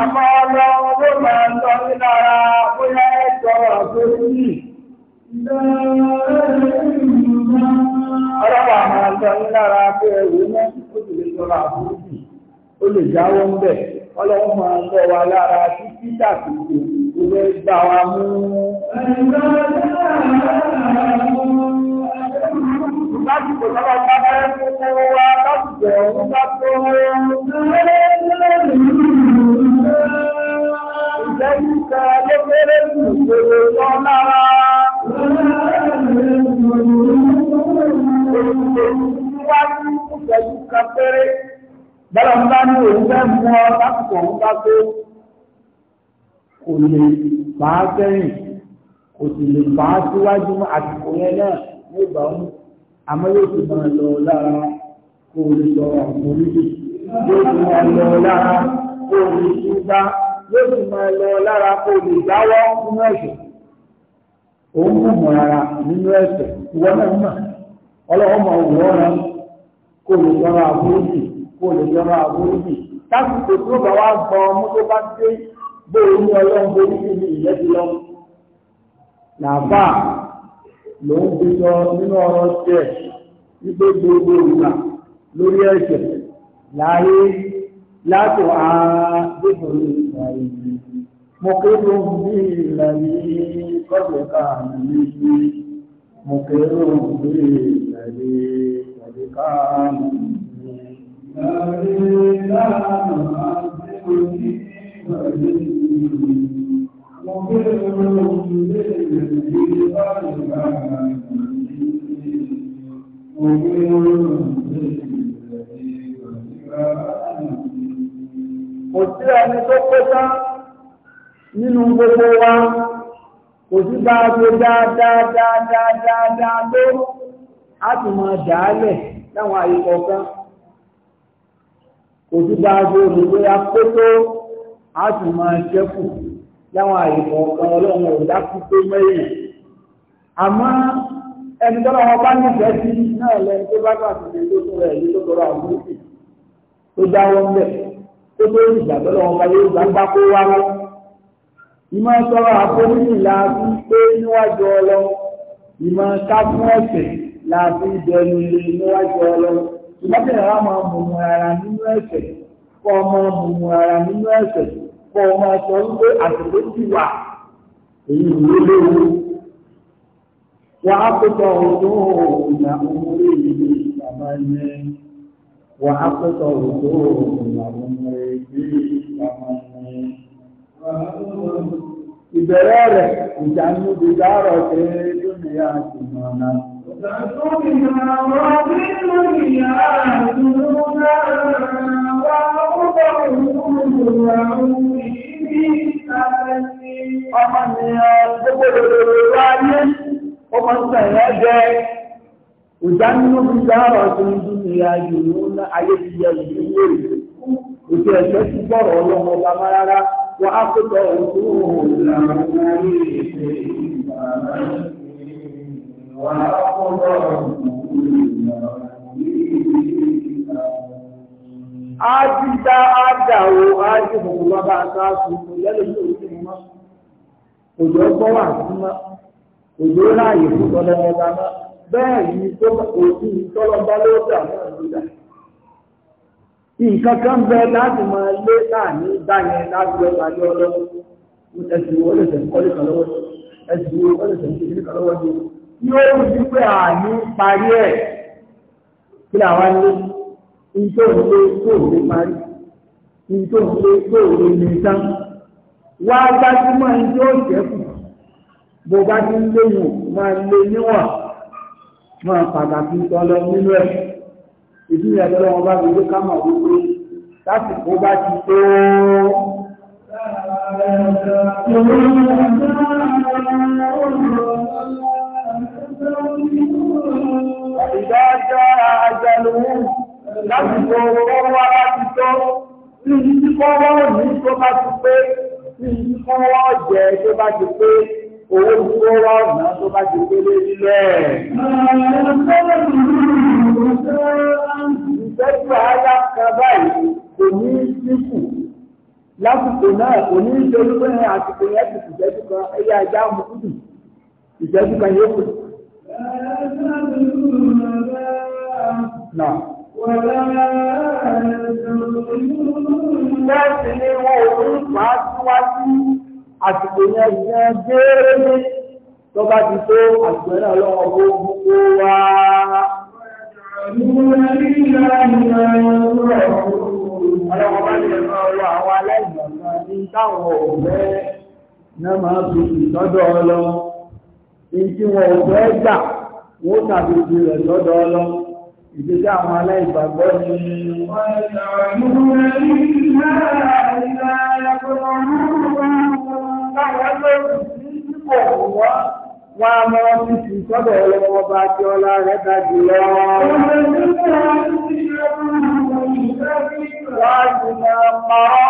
Àmọ́ ọlọ́run ló máa ń lọ ní lára bóyá ẹ̀tọ́ àgbóyí. Ọlọ́pàá máa ń lọ ní lára pé ẹ̀wù náà ó sì lè sọ́ra àgbóyí. Ó lè jáwọ́ ń Ọlọ́run máa ń lọ wa lára títí lásìkò lọ́wọ́ bá fẹ́ kókó wa lásìkò ọ̀hún bá tó ìjẹ́jú kan ló fẹ́rẹ́ jù pèrè lọ lára Ìwájú ìjẹ́jú kan péré, bọ́lá ń bá ní òun fẹ́ mú ọ kò lè fàá sẹ́yìn, kò sì lè fàá síwájú àsìkò yẹn náà ní ìgbà ọdún àmọ́ yóò ti máa lọ lára kó o lè sọ àwọn orílẹ̀ yóò ti máa lọ lára kó o lè túbá yóò ti máa lọ lára kó o lè dáwọ́ nínú ẹ̀ṣẹ̀ òun kò mọ̀ ara nínú ẹ̀ṣẹ̀ ìwọ náà mọ̀ ọlọ́wọ́ mọ̀ òwúrọ̀ rẹ kó o lè sọ̀rọ̀ àbúrúdì kó o lè sọ̀rọ̀ àbúrúdì lásìkò tó bá wá gbọ́ ọmú tó bá dé gbóòórùn ọlọ́run borí nínú ìyẹ́dì lọ́wọ́ làbáà ló ń gbé sọ nínú ọ̀rọ̀ tiẹ̀ wípé gbogbo ìgbà lórí ẹ̀ṣẹ̀ láyé látò àádébòrò ìgbà ìlú mo kéré láàrín àti òní ìgbà ìlú Kò sí ẹni tó kó tán nínú gbogbo wa, kò sí bá ṣe dáadáadáadáa tó, a ti mọ̀ dáálẹ̀ láwọn àyíkọ̀ kan. Kò sí bá ṣe olùgbé akótó, a ti mọ̀ ṣẹ́kù láwọn àyíkọ̀ ọ̀kan ọlọ́run ò dákú pé mẹ́rin àmọ́ ẹni tọ́lá wọn bá nífẹ̀ẹ́ sí náà lẹ́yìn tó bá pàṣẹ ní tó tó rẹ̀ yìí tó tọrọ àwọn oríṣi tó jáwọ́ ń bẹ̀ tó tó rí ìgbà tọ́lá wọn bá yóò gbá gbá kó wá lọ. ìmọ̀ sọ̀rọ̀ àforíjì la fi pé níwájú ọlọ ìmọ̀ ká ẹ̀sẹ̀ la fi dẹnu níwájú ọlọ ìmọ̀tẹ̀yàrá máa kọ́ ọmọ sọ wípé àsìkò ti wà èyí ló léwu wà á pẹ́tọ̀ ọ̀dọ́ ìgbà ọmọdé ìlú bàbá yẹ wà á pẹ́tọ̀ ọ̀dọ́ ìgbà ọmọdé ìlú bàbá yẹ. ìbẹ̀rẹ̀ rẹ̀ ìjà ń mú dárò ṣe é lónìí àti mọ̀ọ́nà. Ọmọ ènìyàn gbogbo òdòdó wáyé, ọmọ ìsẹ̀yẹ́ jẹ ìdánimọ̀ gbígbà ọ̀rọ̀ tó ń dún ní ayò lónà ayé ti yẹ ìdílé rẹ̀. Òtí ẹ̀jẹ̀ ti gbọ́rọ̀ ọlọ́mọ ọba má rárá, wọ́n á kó tọ́ òun tó wọ̀ ọ́ Ájídá ádàwò ájí fòkò bàbá àtàkù ìyẹ́lẹ̀ yóò sí mọ́. Òjò ọgbọ́n wà sí mọ́. Òjò láàyè fún tọ́lọ́mọba mọ́. Bẹ́ẹ̀ ni tó òjú tọ́lọ́mọba ló dà náà ló dà. Nǹkan kan bẹ láti máa lé láàní báyẹn láti wẹ́ parí ọlọ́wọ́. Ẹ̀sìn yóò rí sí pé àní parí ẹ̀ kí làwa ní ìjọ ìlé tó lè parí ìjọ ìlé tó lè lè tán wá gbájúmọ́ ìjọ ìjẹ́kù bó bá ti ń léwu máa lé níwọ̀n máa pàtàkì tọ́lọ nínú ẹ̀ ìdílé ẹ̀tọ́ lọ́wọ́ bá fi ló ká mọ̀ wípé lásìkò bá ti tó Ìwé ìwé ìwé ìwé Ìgbà jẹ́ àjẹ́lúwú láti kò owó wá láti tó, ní ìdí kọ́wọ́ ní tó bá ti pé, ní ìdí kọ́wọ́ jẹ́ tó bá ti pé, owó tó wá ọ̀nà tó bá ti pé lé nílẹ̀. Ìgbẹ́jú àyá kan báyìí kò ní síkù lásìkò náà kò ní ìjọ olúgbẹ́rin àsìkò yẹn ti ìjẹ́jú kan ẹyẹ ajá mú ìjẹ́jú kan yóò kù. Náà. Bẹ́ẹ̀sì ni wọ́n ò ní máa síwájú àsìkò yẹn yẹn gẹ́ẹ́rẹ́ tó bá ti tó àsìkò yẹn gbogbo wa. ìdí wọn ò fẹ́ gbà wọ́n tàbí ju rẹ̀ lọ́dọ̀ ọlọ́ ìdíjẹ́ àwọn aláìgbàgbọ́ ni. Wọ́n á mọ́ sí ti sọ́dọ̀ ọlọ́wọ́ bá tí ọlá rẹ̀ dájú lọ. Wọ́n á sì máa parọ́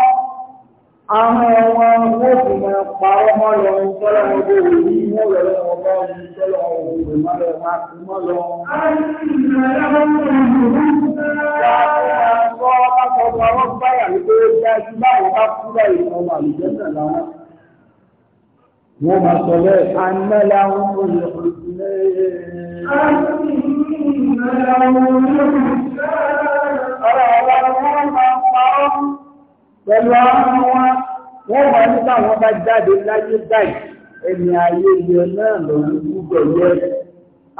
àwọn ọmọ wọ́n ti mọ̀ parọ́ mọ́ lọ tọ́lọ́ wọn bó wù ní mọ́ lọ lọ́wọ́ bá wọn tọ́lọ́ wọn ò wù mọ́ lọ máa fi mọ́ lọ. Àwọn akọ parọ́ báyà wípé ó jẹ́ ẹjú báwọn bá kú báyìí ọmọ àlùjẹ́ náà láwọn. Wọ́n máa sọ bẹ́ẹ̀, àmẹ́lá wọn ò lè kò sí lẹ́yìn. Ọ̀rọ̀ ọ̀la ni wọ́n máa parọ́ pẹ̀lú àwọn wọn wọ́n wà nígbà bá jáde láyé báyìí ẹni ayé yẹ náà lòun gbúgbọ̀ yẹ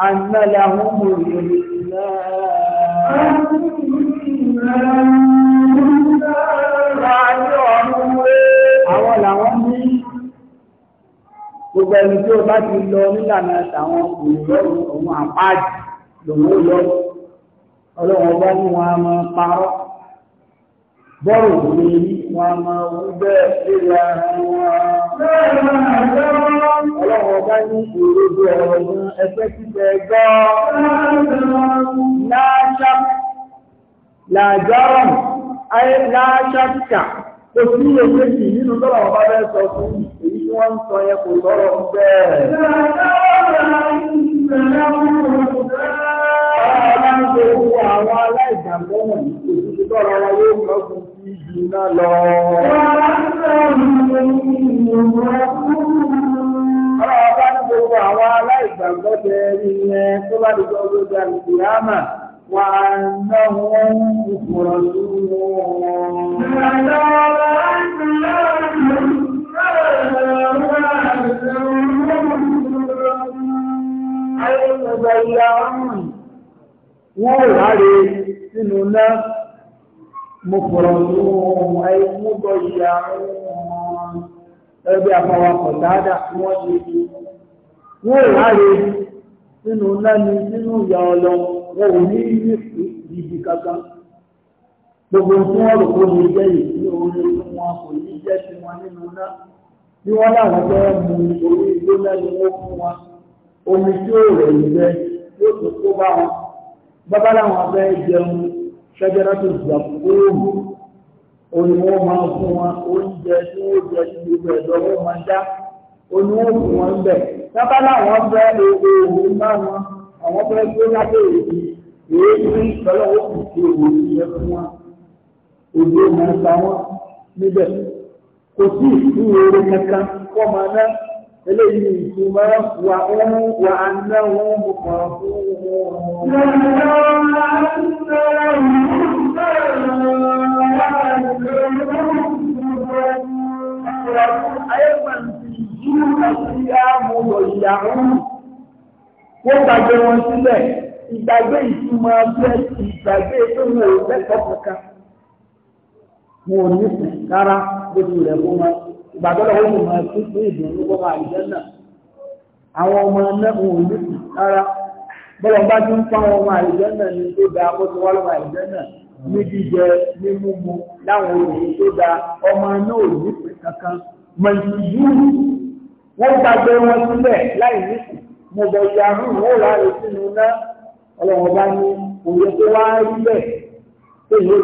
anáyà wọn mú gbogbo ẹni tí ó bá ti lọ nílànà àtàwọn òun àpáàdì lòun ó lọ ọlọ́wọ́n bá ní wọn a máa parọ́ bọ́ọ̀rù ní wọn máa wú bẹ́ẹ̀ lérí ara wọn. Ọlọ́run ọba ní ìrèdè ọ̀rọ̀ ní ẹgbẹ́ títẹ gbọ́. Làjọ́rọ̀ láṣàkà kò sí èkejì nínú tọ́lọ̀ ọba bẹ́ẹ̀ sọ fún èyí tí wọ́n ń sọ yẹn kò lọ́rọ̀ bẹ́ẹ̀. Ọlọ́run ọba ń ṣe gbogbo àwọn aláìgbàgbọ́ wọ̀nyí kò sí ti tọ́lọ̀ wọn yóò lọ́gùn jìnnà lọ. Ọlọ́wọ́ bá ní gbogbo àwọn aláìgbàgbọ́ tẹ rí yẹn tó bá dìgbọ́ gbogbo àlùkìyámà wà náà wọ́n ń fọ̀rọ̀ sí wọn. Wọ́n wà rí sínú náà mọ̀kùrọ̀lùmọ̀ ẹ̀múdọ̀ ìyàwó ẹgbẹ́ àpawapọ̀ dáadáa wọ́n ṣe ṣe wọ́n ráre nínú lẹ́nu nínú ìyà ọlọ wọ́n ò ní ìdí kankan gbogbo tí wọ́n rò kó lè jẹ́ yìí ní orí wọn kò ní jẹ́ sí wọn nínú ná bí wọ́n láwọn fẹ́ mu orí ilé lẹ́nu wọ́n fún wọn omi tí ó rẹ̀ ìgbẹ́ yóò tó kó bá wọn bábá láwọn fẹ́ jẹun ṣẹ́jẹ́rẹ́ tó zàkóòrò oní wọ́n máa fún wọn oúnjẹ tí ó jẹ sí gbogbo ẹ̀dọ́ wọ́n máa dá oní wọ́n fún wọn bẹ̀. sábà láwọn fẹ́ oòrùn bá wọn àwọn fẹ́ gbé lábẹ́ èyí èyí ní ìpẹ́lẹ̀ ó kù sí òwò ìyẹn fún wọn òjò máa ta wọn níbẹ̀ kò sí ìsú kankan kọ́ máa náà eléyìí ìtumọ̀ wà ń wà náwó mọ̀kàn fún wọn. Wọ́n gbàgbé wọn sílẹ̀, ìgbàgbé ìtumọ̀ abẹ́ ìgbàgbé tó wọ̀ lẹ́kọ̀ọ́ kankan. Mo ní rárá bó ti rẹ̀ fún wọn ìgbàgbọ́dọ̀ ó sì máa tú fún ìdùnnú kó máa jẹ́ náà àwọn ọmọ mẹ́kùn òní rárá bọ́lá bá ti ń fáwọn ọmọ àìjẹ́ náà ní tó da ó ti wá lọ́mọ àìjẹ́ náà ní jíjẹ ní mímu láwọn òòrùn tó da ọmọ náà ò ní kankan mọ̀nyíyú wọ́n gbàgbé wọn sílẹ̀ láì nísì mo bẹ̀ yàrá wọn rà lè sínú ná ọlọ́wọ́n bá ní òye tó wá rí bẹ́ẹ̀ tó yẹ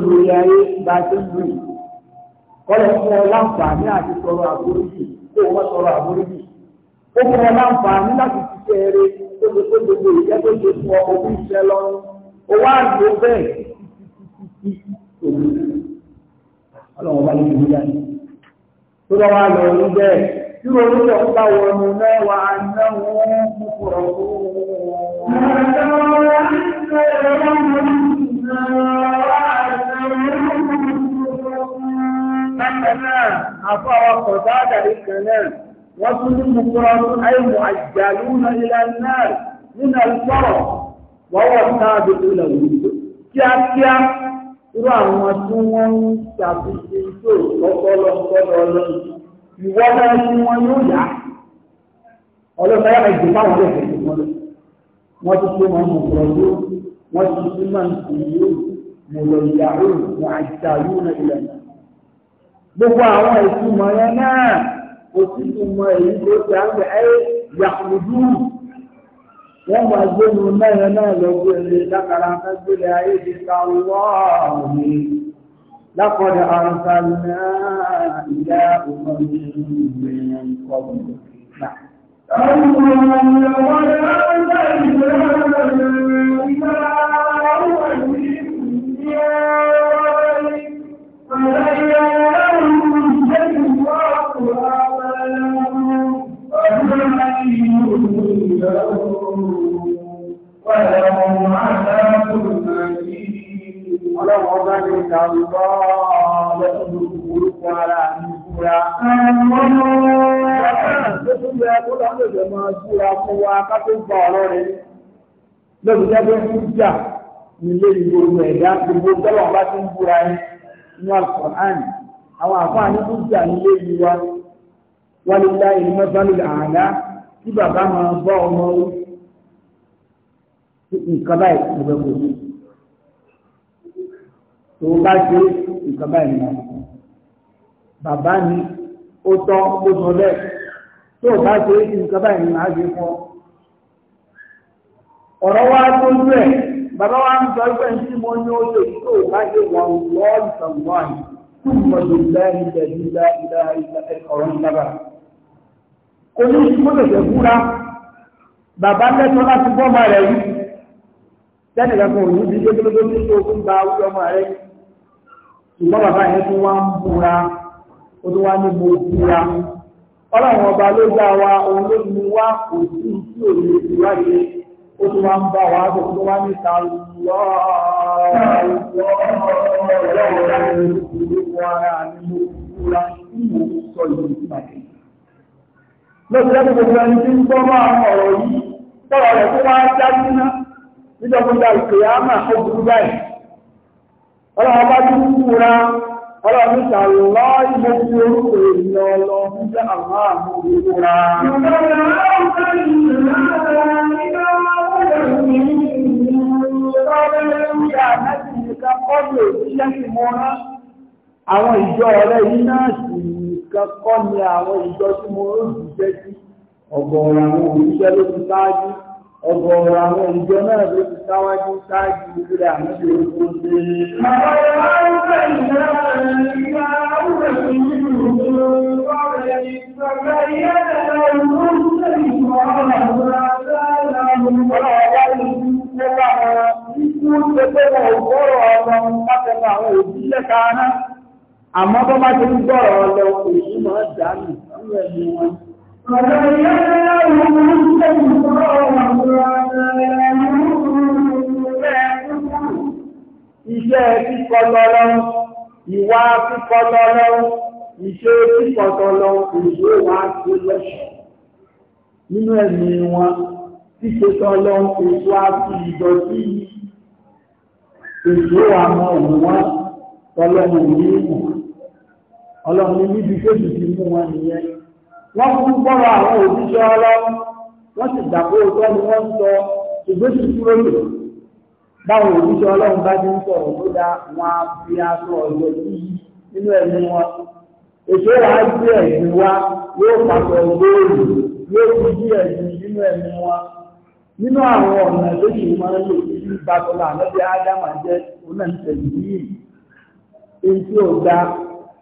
kọ́lẹ̀ fún ọ láǹfààní àti sọ̀rọ̀ àforíjì kó o wọ́n sọrọ àforíjì ó fún ọ láǹfààní láti ṣiṣẹ́ eré tó ṣe pé gbogbo ìjẹ́ tó ṣe fún ọ ogún ó wá bá lóṣù tó bá wà lọ rí tí mo bá náà fún Bákan náà, àfọ́ àwọn kọ̀dá àdàrí kan náà, wọ́n tún ní kúkúrọ́ àìmù àjàlú na ilẹ̀ náà nínú ìfọ́rọ̀ wọ́wọ́ náà bí ó lẹ̀ wùdó. Kíákíá, irú àwọn tí wọ́n ń ṣàfihàn tó kọ́kọ́ lọ́kọ́lọ́ lọ́yìn. Ìwọ́ náà tí wọ́n yóò yá. Ọlọ́pàá yára ìgbè fáwọn ọlọ́pàá gbogbo àwọn ìtumọ̀ yẹn náà kò sí ìtumọ̀ èyí tó ti à ń bẹ ẹ́ yàkùdú wọ́n máa gbé nu mẹ́rin náà lọ gbé ilé dákàrà mẹ́gbẹ́lẹ̀ ayé ti ta wọ́ọ̀rùn mi lákọ̀ọ́dẹ̀ àrùnta náà ìyá ọmọ mi ìgbìyànjú kọ́ọ̀bù náà. Thank you. Ọlọ́run ọba ní ìdàrúgbọ́ ọlọ́run orúkọ ara ní ìfúra. Lọ́túnbẹ̀ tó lọ́pẹ̀lẹ̀ máa búra fún wa ká àádá. tí bàbá máa bọ́ ọmọ wí nǹkan báyìí mo fẹ́ kó tó bá ṣe nǹkan báyìí nìyà bàbá ni ó tọ́ ó sọ bẹ́ẹ̀ tó bá ṣe nǹkan báyìí nìyà á ṣe fọ́ ọ̀rọ̀ wa tójú ẹ̀ bàbá wa ń sọ ẹgbẹ́ mo ní ó lè tó bá ṣe wà wáyé kò ní ìṣúkọ́tẹ̀sẹ̀ fúra bàbá lẹ́tọ́ láti bọ́ ọmọ rẹ̀ yìí tẹ́nìkan kan ò ní bí gbégbégbé ní ṣe ogun gba orí ọmọ rẹ̀ ṣùgbọ́n bàbá yẹn tún wá ń búra ó tún wá ní mo búra ọlọ́run ọba ló gbá wa òun ló lọ́sẹ̀ gbogbo ẹni tí ń gbọ́ máa ọ̀rọ̀ yìí tọ́rọ rẹ̀ tó máa já síná nígbàgbọ́gbà ìpèyàmà ọdún báyìí ọlọ́run bá tún kúra ọlọ́run sàrò lọ́ ilé tí orúkọ ènìyàn lọ ń jẹ́ àwọn àmú ìkúra àwọn ìjọ ọ̀rẹ́ yìí náà sì nìkan kọ́ ni àwọn ìjọ tí mo ń jíṣẹ́ sí ọ̀gọ̀ọ̀rọ̀ àwọn òṣìṣẹ́ ló ti ṣáájú ọ̀gọ̀ọ̀rọ̀ àwọn ìjọ náà ló ti ṣáwájú ṣáájú ìdílé àmúṣe oṣù ṣe. Àwọn ọ̀gá ìlú ń gbé pé wọn ò gbọ́rọ̀ ọ̀rọ̀ látẹnu àwọn òbí lẹ́ka náà àmọ́ tó bá ti ń gbọ́rọ̀ lọ kò sí máa dánù nínú ẹ̀mí wọn. Ọ̀dọ̀ ìyá ẹ̀rọ ìwọ̀n ń tẹ̀sí sọ́rọ̀ Iṣẹ́ kíkọ lọ́lọ́, ìwà kíkọ lọ́lọ́, iṣẹ́ kíkọ lọ́lọ́, òṣèré wa ti lọ́ṣọ̀. Nínú ẹ̀mí wọn, ṣíṣe tọ́lọ́, èso àti ìdọ̀tí, èso àwọn òun wọn, tọ́lọ́ mọ̀ ní ìmọ̀ ọlọ́run níbi kéjì ti mú wọn nìyẹn wọ́n fún gbọ́rọ̀ àwọn òjíṣẹ́ ọlọ́run wọ́n sì gbà pé òótọ́ ni wọ́n ń sọ ṣùgbọ́n sì dúró lò báwọn òjíṣẹ́ ọlọ́run bá ti ń sọ̀rọ̀ tó dá wọn á fi aṣọ ọ̀yọ́ sí nínú ẹ̀mí wọn èso wa gbé ẹ̀sìn wa yóò pàṣẹ góòlù yóò fi bí ẹ̀sìn nínú ẹ̀mí wọn nínú àwọn ọ̀nà tó sì máa ń lò sí ìbátọ́lá àlọ́bí ádámà jẹ́ onáǹtẹ̀lú yìí èyí tí ó ga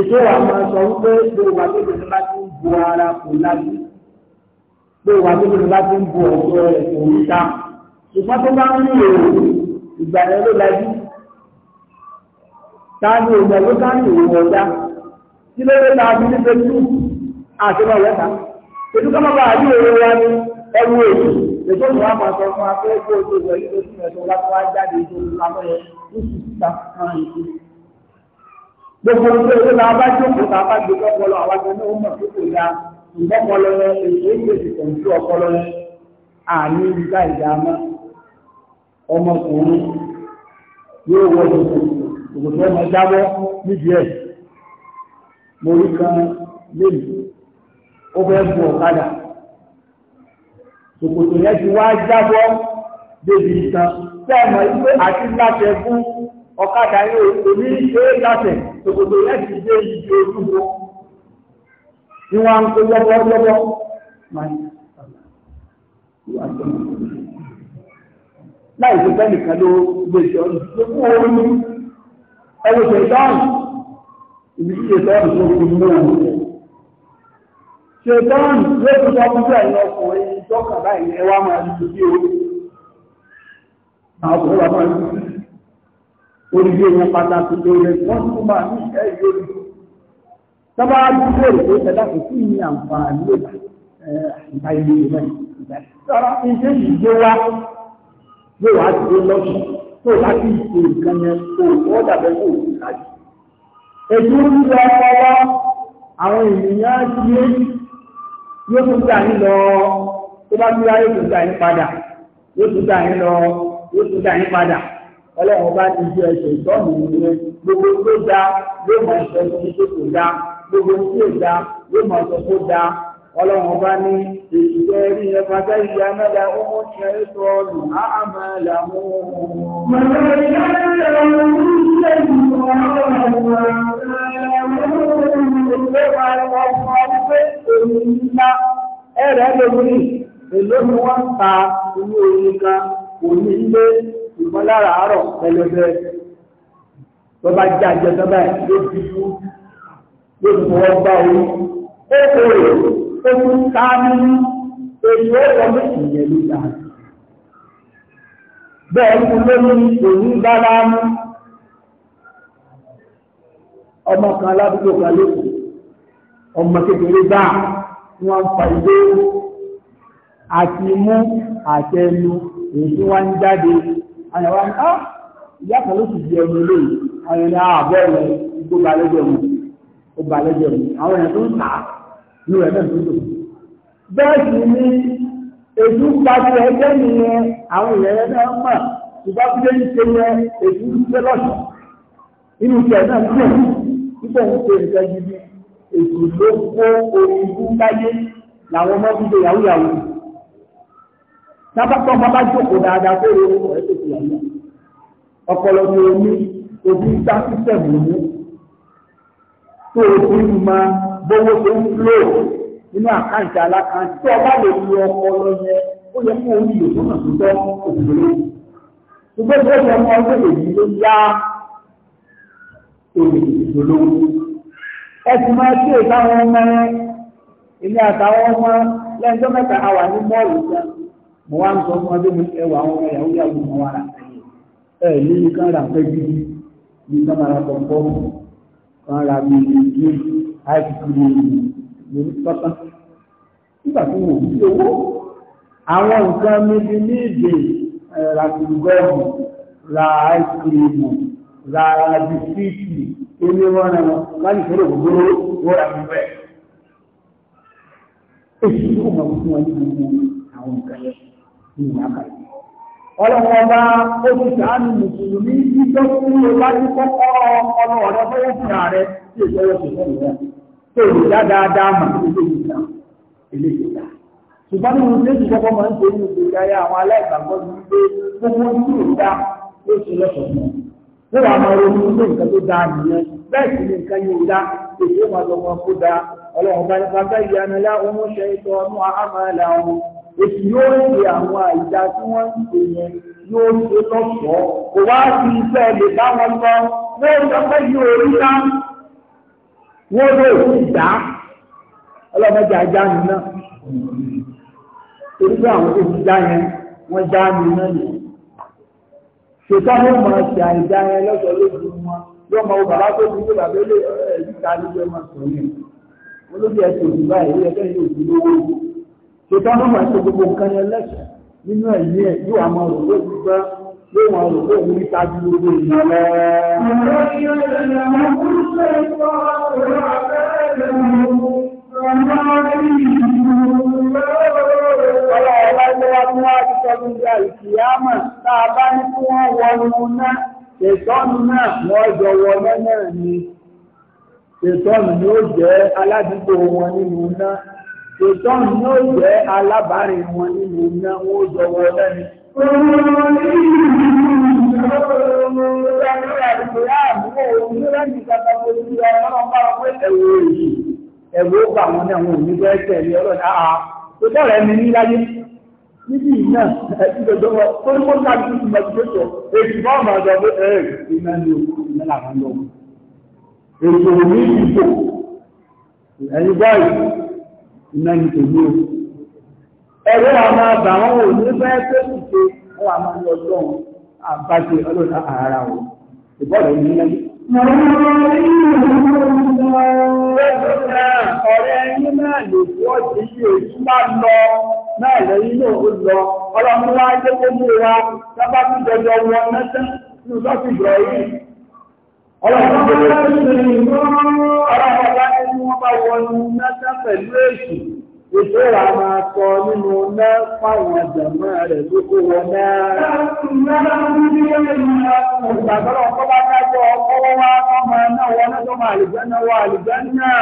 èso wa máa sọ wípé gbogbo àgbègbè ní bá ti ń bu ara kò lájú gbogbo àgbègbè ní bá ti ń bu ọ̀ṣọ́ rẹ̀ kò ń ta ṣùgbọ́n tó bá ń rí èrò ìgbà yẹn ló lajú táàbí ògbà ló ká ní ìwọ̀n ọ̀dá kí ló lè máa fi ní pẹ̀lú àti ọmọ ìwẹ́ta pẹ̀lú kọ́mọ́ bá àdí èrò wa ní ẹrú èdè èso tó máa sọ fún wa o tó ìwẹ̀ yìí tó sì wá jáde tó lọ́wọ́ gbogbo ìgbé ìwé náà bá jókòó náà bá gbé ọpọlọ àwọn ọmọ náà mọ̀ tó kò ya ìgbọ́pọlọ yẹn èyí èyí èsì pẹ̀lú ọpọlọ yẹn àní ìgbà ìdáná ọmọkùnrin yóò wọ ìgbò ìgbò tó ọmọ jábọ́ nídìí ẹ̀ mo rí kan lèmi ó fẹ́ bu ọ̀kadà ṣòkòtò yẹn ti wá jábọ́ débi ìtàn tẹ́ẹ̀mọ̀ ìgbé àti láti ẹgbẹ́ ọ̀kadà yóò omi ṣe é láṣẹ̀ tòkòtò láti gbé ìjì ojúbọ ní wọn kó lọ́wọ́ lọ́wọ́ láì tó bẹ́ẹ̀ nìkan ló gbé ìṣẹ́ ọ̀nà tó kú orí ní ẹwọ́ ṣe dáhùn ibi tí ṣe dáhùn tó kú mú ọ̀nà ṣe dáhùn ló kú sọ fún bẹ́ẹ̀ lọ fún ẹni tọ́kà báyìí ẹwà máa ń tutù bí o àwọn ọ̀pọ̀lọpọ̀ máa ń tutù orílẹ̀ wọn pàtàkì lórí wọ́n tún máa ní ìṣẹ́ ìlórí tọ́bá dúró ìwé tẹ́lá kò sí ní àǹfààní ìgbà ilé ìwé ìgbà iṣẹ́ ìgbé wa yóò wá sí lọ́sùn tó bá kí ìṣe nǹkan yẹn tó wọ́n dàbẹ́ kó òkú lájú. ètò orílẹ̀ ọkọ̀ wa àwọn ènìyàn ti yé yóò tún gbà yín lọ tó bá tún yá yóò gbà yín padà yóò tún gbà yín lọ yóò tún gbà yín padà ọlọ́run bá ti ju ẹsẹ̀ ìtọ́nù ìwé gbogbo tó da yóò máa sọ fún tó kò da gbogbo tí ò da yóò máa sọ fún da ọlọ́run bá ní èyí jẹ́ rí ẹ̀fà sẹ́yìn amẹ́lẹ̀ owó ti ẹ̀ sọ ọ̀nù àmà làwọn ohun. màmá ìyá rẹ̀ ló ń ṣe ìgbìmọ̀ ọ̀rọ̀ àwọn ìgbé wa lọ fún ọdún pé èyí ńlá ẹ̀rẹ́ lómi èló ni wọ́n ta inú oyin kan kò ní ilé ìbọn lára àárọ̀ ẹlẹ́gbẹ́ tó bá já jẹ tó bá yóò fi kú yóò fi fọwọ́ gbá orí ó kò rè ó kú ká nínú èyí ó lọ ní ìyẹn ló dà bẹ́ẹ̀ kú lórí òní bára mú ọmọ kan aládùúgbò kan lókùn ọmọ kékeré gbáà wọ́n ń fa ilé àti mú àtẹnu èyí wọ́n ń jáde àyàwó àmì á ah, ìyá kan ló sì di ẹni ilé ah, àwọn àbọ̀ rẹ̀ igbó ó àwọn tó ń tà ní rẹ̀ náà tó bẹ́ẹ̀ sì ni ẹgbẹ́ nìyẹn àwọn mọ̀ lọ́sọ̀ nínú náà ṣe nǹkan gidi ló kó láyé làwọn ọmọ lábàtọ̀ ọmọ bá jókòó dáadáa tó yẹ ọkọ̀ ẹ̀ tó ti wà ní ọpọlọ tó o ní òbí ń ta sísẹ̀m tó o ti ń ma gbowó tó ń lò nínú àkáǹtì alákáǹtì tó o bá lè lo ọpọlọ yẹn ó yẹ kó o ní ìyòkó náà tó tọ́ òṣèré ṣùgbọ́n tó yẹ kó ọdún èyí ló yá èyí ìdòlówó ẹ ti máa ṣe ìtawọn ọmọ ẹ èmi àtàwọn ọmọ lẹ́yìn tó mẹ́ta àwà ní mọ́ọ̀lù jẹun mo wá ń sọ fún ọdún mi ẹwà àwọn ọmọ ìyàwó yàgò mọ wa rà ẹ ní nǹkan rà pẹ́ bí ní kan ara tó ń bọ́ kan ra mi ní àìsíkú ní ìlú tọ́tán nígbà tí mo fi owó àwọn nǹkan mi ti ní ìdè ràkùnbọ́ọ̀mù ra àìsíkú ra bisikíìtì tó ní wọ́n rẹ̀ wọ́n láti fẹ́rẹ̀ gbogbo wọ́n rà mí bẹ́ẹ̀. èyí ló mọ̀ fún wọn ní àwọn nǹkan yẹn ìyàbà ọlọ́wọ́ bá ó ti sàánù mùsùlùmí tí tó kú ló bá ní kọ́kọ́ ọlọ́ ọ̀rẹ́ fẹ́yẹ́ sí ààrẹ tí ìṣẹ́wọ́ sí fẹ́ ìrẹ́ tó lè dá dáadáa mà nílé ìgbà ilé ìgbà ṣùgbọ́n ní oṣù tí kọ́kọ́ máa ń ṣe ní oṣù ìdáyà àwọn aláìgbàgbọ́ ní pé èsì yóò ṣe àwọn àìdá tí wọ́n ń ṣe yẹn yóò ṣe lọ́sọ̀ọ́ kò wá sí iṣẹ́ lè bá wọn lọ wọ́n sọ pé yóò rí ká wọ́n lè fi dá ọlọ́mọdé ajá mi náà torí pé àwọn tó ti dá yẹn wọ́n dá mi náà yẹn ṣètò àwọn ọmọ ṣe àìdá yẹn lọ́sọ̀ọ́ lójú wọn yóò mọ bàbá tó ti gbé bàbá ilé ẹ̀ẹ́dì ká nígbẹ́ máa sọ̀rọ̀ yẹn olóbi ẹ̀sìn òdùbá ìwé ẹgbẹ́ yóò ṣètò ọmọ ìṣe gbogbo nǹkan yẹn lẹ́sẹ̀ nínú ẹ̀yìn ẹ̀ yóò àmọ́ rò ló ti gbá yóò wọn rò ló ń ta ju gbogbo ìyàn lọ. Ọlọ́ ọ̀la ṣe wá fún wa ti sọ́dún gba ìkìyàmà tá a bá ní kí wọ́n wọnú náà. Ṣètọ́nù náà wọ́n jọ wọlé náà ni. Ṣètọ́nù ni ó jẹ́ aládùúgbò wọn nínú náà ṣètọ́n ní ó jẹ́ alábàárin wọn nínú iná wọ́n jọ wọ́n lẹ́nu. Ẹ̀wọ́ bà wọn náà wọn ò ní bẹ́ẹ̀ tẹ̀lé ọlọ́dún àá. Tó bọ́ọ̀rẹ́ mi ní láyé níbi iná ẹ̀sìn gbogbo wọn tó ní wọ́n kájú sí mẹ́tíréṣọ̀ èyí bá ọmọ ọ̀dọ̀ pé ẹ̀ iná ní òkú iná làwọn lọ. Èyí ò ní ìbò ẹ̀yìn báyìí iná ní tèmi o ẹ̀rọ àwọn àbà wọn ò ní fẹ́ pé ìṣe wọn àmọ́ ní ọjọ́ wọn àbájẹ ọlọ́dà ara wọn ìbọ̀rọ̀ yìí lẹ́yìn. Ọ̀rẹ́ yín náà lè fi ọ̀sẹ̀ yìí èyí máa lọ náà lẹ́yìn náà ó lọ. Ọlọ́run wá jẹ́ kó mú wa sábà tún jẹjọ wọn mẹ́sẹ̀ nínú sọ́ọ̀tì ìgbọ̀ yìí. Ọlọ́run wá jẹ́ kó mú wa bá wọnú náà pẹ̀lú èṣù ètò ìrà máa sọ nínú náà fáwọn àjàmọ́ rẹ̀ tó kó wọn náà. Ìgbàgbọ́n ọkọ̀ bá dájọ́ ọkọ̀ wọ́n wá ọmọ náà wọ́n náà tó máa àlùjẹ́ náà wọ àlùjẹ́ náà.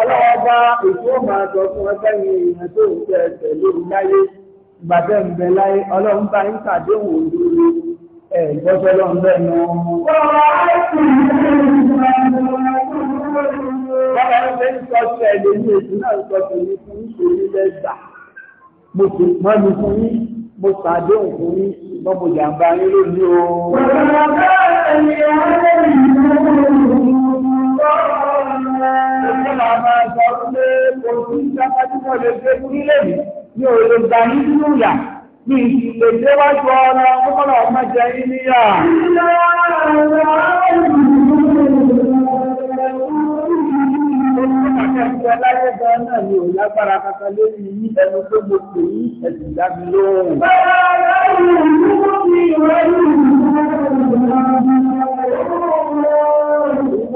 Ọlọ́wọ́ bá ètò máa sọ fún ẹgbẹ́ yìí ìrìn tó ń tẹ̀ tẹ̀lé ìláyé. Ìgbàgbẹ́ ń bẹ láyé ọlọ́run bá ń tàdéhùn òdúró. Ẹ̀gbọ́sọ́lọ́ ń bẹ́ẹ̀ mọ́. Bọ́lá ń bẹ́ ń sọ sí ẹ̀lẹ́ ní ètò náà ń sọ sí ní fún ìṣòrí lẹ́gbà. Mo sì mọ́ mi fún yí, mo sàdé òkun ní ìbọn mo jàǹbá yín lórí ní ìṣẹ̀lẹ̀ déwájú ọ̀rọ̀ ọmọlá ọmọjẹ iníyà. Ẹgbẹ́ láyé gan náà ni ò lágbára kankan lórí yí ẹnu tó mo pè yí ẹ̀sìn dábí lóhùn. Bẹ́ẹ̀ láyé ìlú tó fi ìwé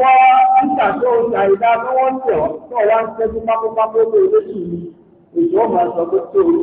Wọ́n ń ṣàtúnṣe àìdá tí wọ́n ń tẹ̀ ọ́ tí ọ̀wá ń tẹ́jú pápápápá lórí olóṣù yìí. Èyí ó máa sọ pé tó o ní.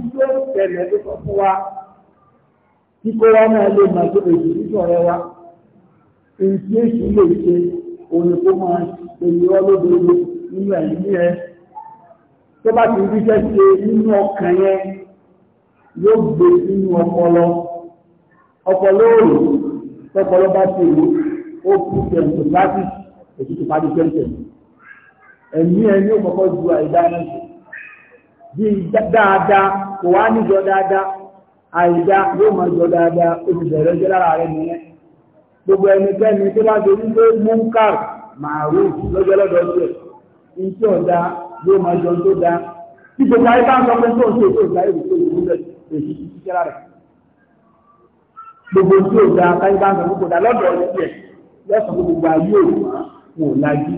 tó tẹ̀lẹ̀ tó sọ fún wa tí kó wá náà lè máa tó èyí nínú ọ̀rẹ́ wa èyí tí èyí lè ṣe òun tó máa èyí ọlọ́dọọdọ nínú ẹ̀yìn ní ẹ tó bá ti ríṣẹ́ ṣe nínú ọkàn yẹn yóò gbé nínú ọpọlọ ọpọlọ òòrùn tọpọlọ bá ti rú ó kú tẹ̀sán láti èyí tó parí tẹ̀sán ẹ̀mí ẹ̀ ní òmọ̀kọ́ ju àìdáná bí dáadáa kò wá níjọ dáadáa àìdá yóò máa jọ dáadáa olùbẹ̀rẹ̀ jẹ́ lára rẹ̀ nìyẹn gbogbo ẹnikẹ́ni tó bá torí pé munkar maruf lọ́jọ́ lọ́dọ̀ ọjọ́ ní tí ọ̀dá yóò máa jọ tó dáa tí gbogbo ayé bá ń sọ pé tó ń ṣe tó ìgbà èrò tó ìlú rẹ̀ èyí ti ṣiṣẹ́ rẹ̀ gbogbo tí ó da ayé bá ń sọ gbogbo dá lọ́dọ̀ ọjọ́ lọ́sàn gbogbo ayé òun wò lájú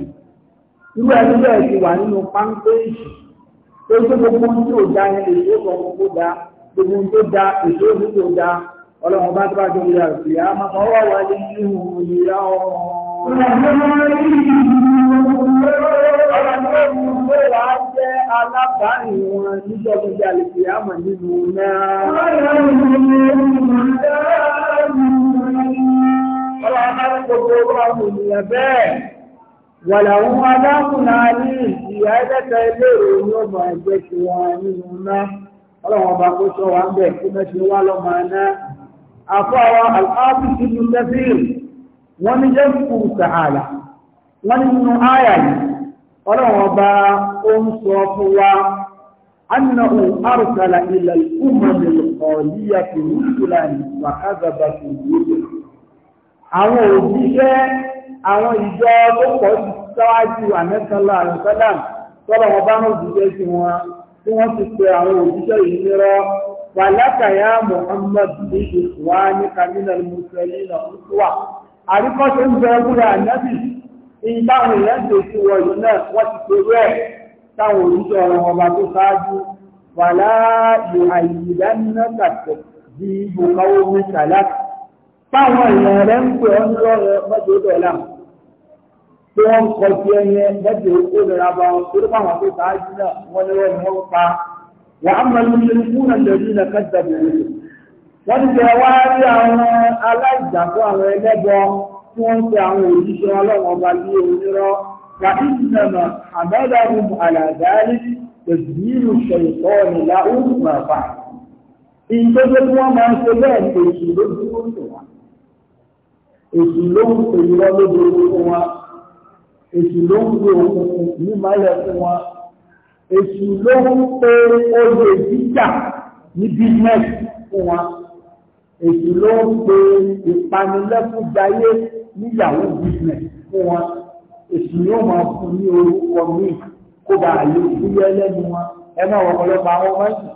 irú ẹni bẹ́ẹ̀ ti wà nínú páńpẹ́ ìṣù tó tó gbogbo ohun tí ò da yẹn lè tó sọ gbogbo da gbogbo ohun tó da èso ohun tó da ọlọ́run bá tó bá tó yà sí i àmọ́ ọwọ́ wa ní ìhù ìyá ọ̀rọ̀. Ọlọ́run ló wá jẹ́ alábàárìn wọn níjọ́ gbogbo àlèkè àmọ̀ nínú náà. Ọlọ́run ló wá gbogbo ọmọ ènìyàn bẹ́ẹ̀ wàlàwù adákùnà ní ìjìyà ẹlẹ́ta ilé ìròyìn ọmọ ẹgbẹ́ ti wọn nínú ná ọlọ́wọ́n ọba kó sọ wá ń bẹ̀ kí mẹ́sì wá lọ́mọ aná àfọ́ àwọn alhafi ti lu kẹfìr wọ́n ní jẹ́ kù sàhálà wọ́n nínú áyà yìí ọlọ́wọ́n ọba ó ń sọ fún wa annahu arsala ila al-umam al-qaliyati rusulan wa kadhaba fi àwọn òjíṣẹ́ àwọn ìjọ tó pọ̀ sí sáwájú àmẹ́sànlá àrùsọ́lá tọ́lọ̀ wọn bá hàn òjíṣẹ́ sí wọn tí wọ́n ti pe àwọn òjíṣẹ́ yìí nírọ́ wàlákàyà Muhammad ní ìwà ní kamilal musulmi na musuwa àríkọ́ṣe ń bẹ wúra ànábì ìbáwọn èèyàn tó sí wọ̀nyí náà wọ́n ti pe rẹ̀ táwọn òjíṣẹ́ ọ̀rọ̀ ọba tó ṣáájú wàlá ìhàyìdánilẹ́kàtọ̀ di ibùkáwó mẹ́tàlá Báwọn èèyàn rẹ̀ ń pè ọ́ ní lọ́rẹ̀ mọ́jọ́ dọ̀là. Bí wọ́n kọ sí ẹyẹ mọ́jọ́ ó nira bá wọn torí báwọn tó bá jí náà wọ́n ní wọ́n wọ́n pa. Wà á máa ní fún ẹ̀lẹ́rí ilẹ̀ kẹta bèrè. Wọ́n ti jẹ wá rí àwọn aláìjàpọ̀ àwọn ẹlẹ́bọ tí wọ́n ń pe àwọn òjíṣẹ́ ọlọ́wọ́n ọba ní onírọ́. Wà á ti èsì ló ń pè irọ́ lóde fún wa èsì ló ń pè òkùnkùn nímọ̀lẹ̀ fún wa èsì ló ń pè oyè jíjà ní bísínẹ́sì fún wa èsì ló ń pè ìpanilẹ́kùnjayé níyàwó bísínẹ́sì fún wa èsì yóò máa fún ní orúkọ míì kó bá àyè ìfúyẹ́ lẹ́nu wa ẹ máa wọ̀ ọ̀pọ̀lọpọ̀ àwọn ọmọ ẹ̀sìn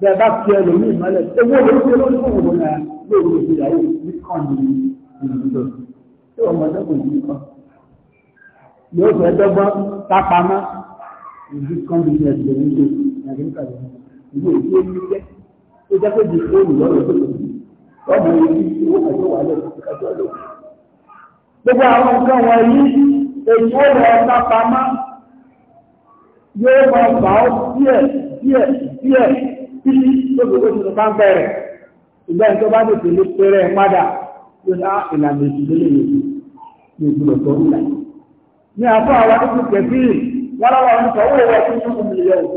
bẹ́ẹ̀ bá fi ẹlòmíì mọ́lẹ̀ ewé olóṣèlú ló ń fún òun náà lóòrùn ìgbéyàwó ní kàn nìyí ìlú tí ọmọ ẹ̀dọ́gbọ̀n yìí kan yóò fẹ́ dọ́gbọ́n tápamọ́ ìlú kan bí ẹ̀sìn lòún ṣe nàìjíríà lòún ìlú èyí ó ní jẹ́ tó jẹ́ pé jìbìtì ó nìyọ́ lọ́dọ̀ tó ọmọ yìí tí owó kàjọ wà lọ kàjọ lọ. gbogbo àwọn nǹkan wọ̀nyí èyí ó lọ tó gbogbo ló dá ìlànà ìṣẹ̀lẹ̀ yìí ní ìgbìmọ̀ tó ń láyé. ní àbọ̀ àwọn akókò kẹfì wọn lọ́wọ́ ń sọ owó ẹ̀kú ní ọmọ ìlẹ̀ o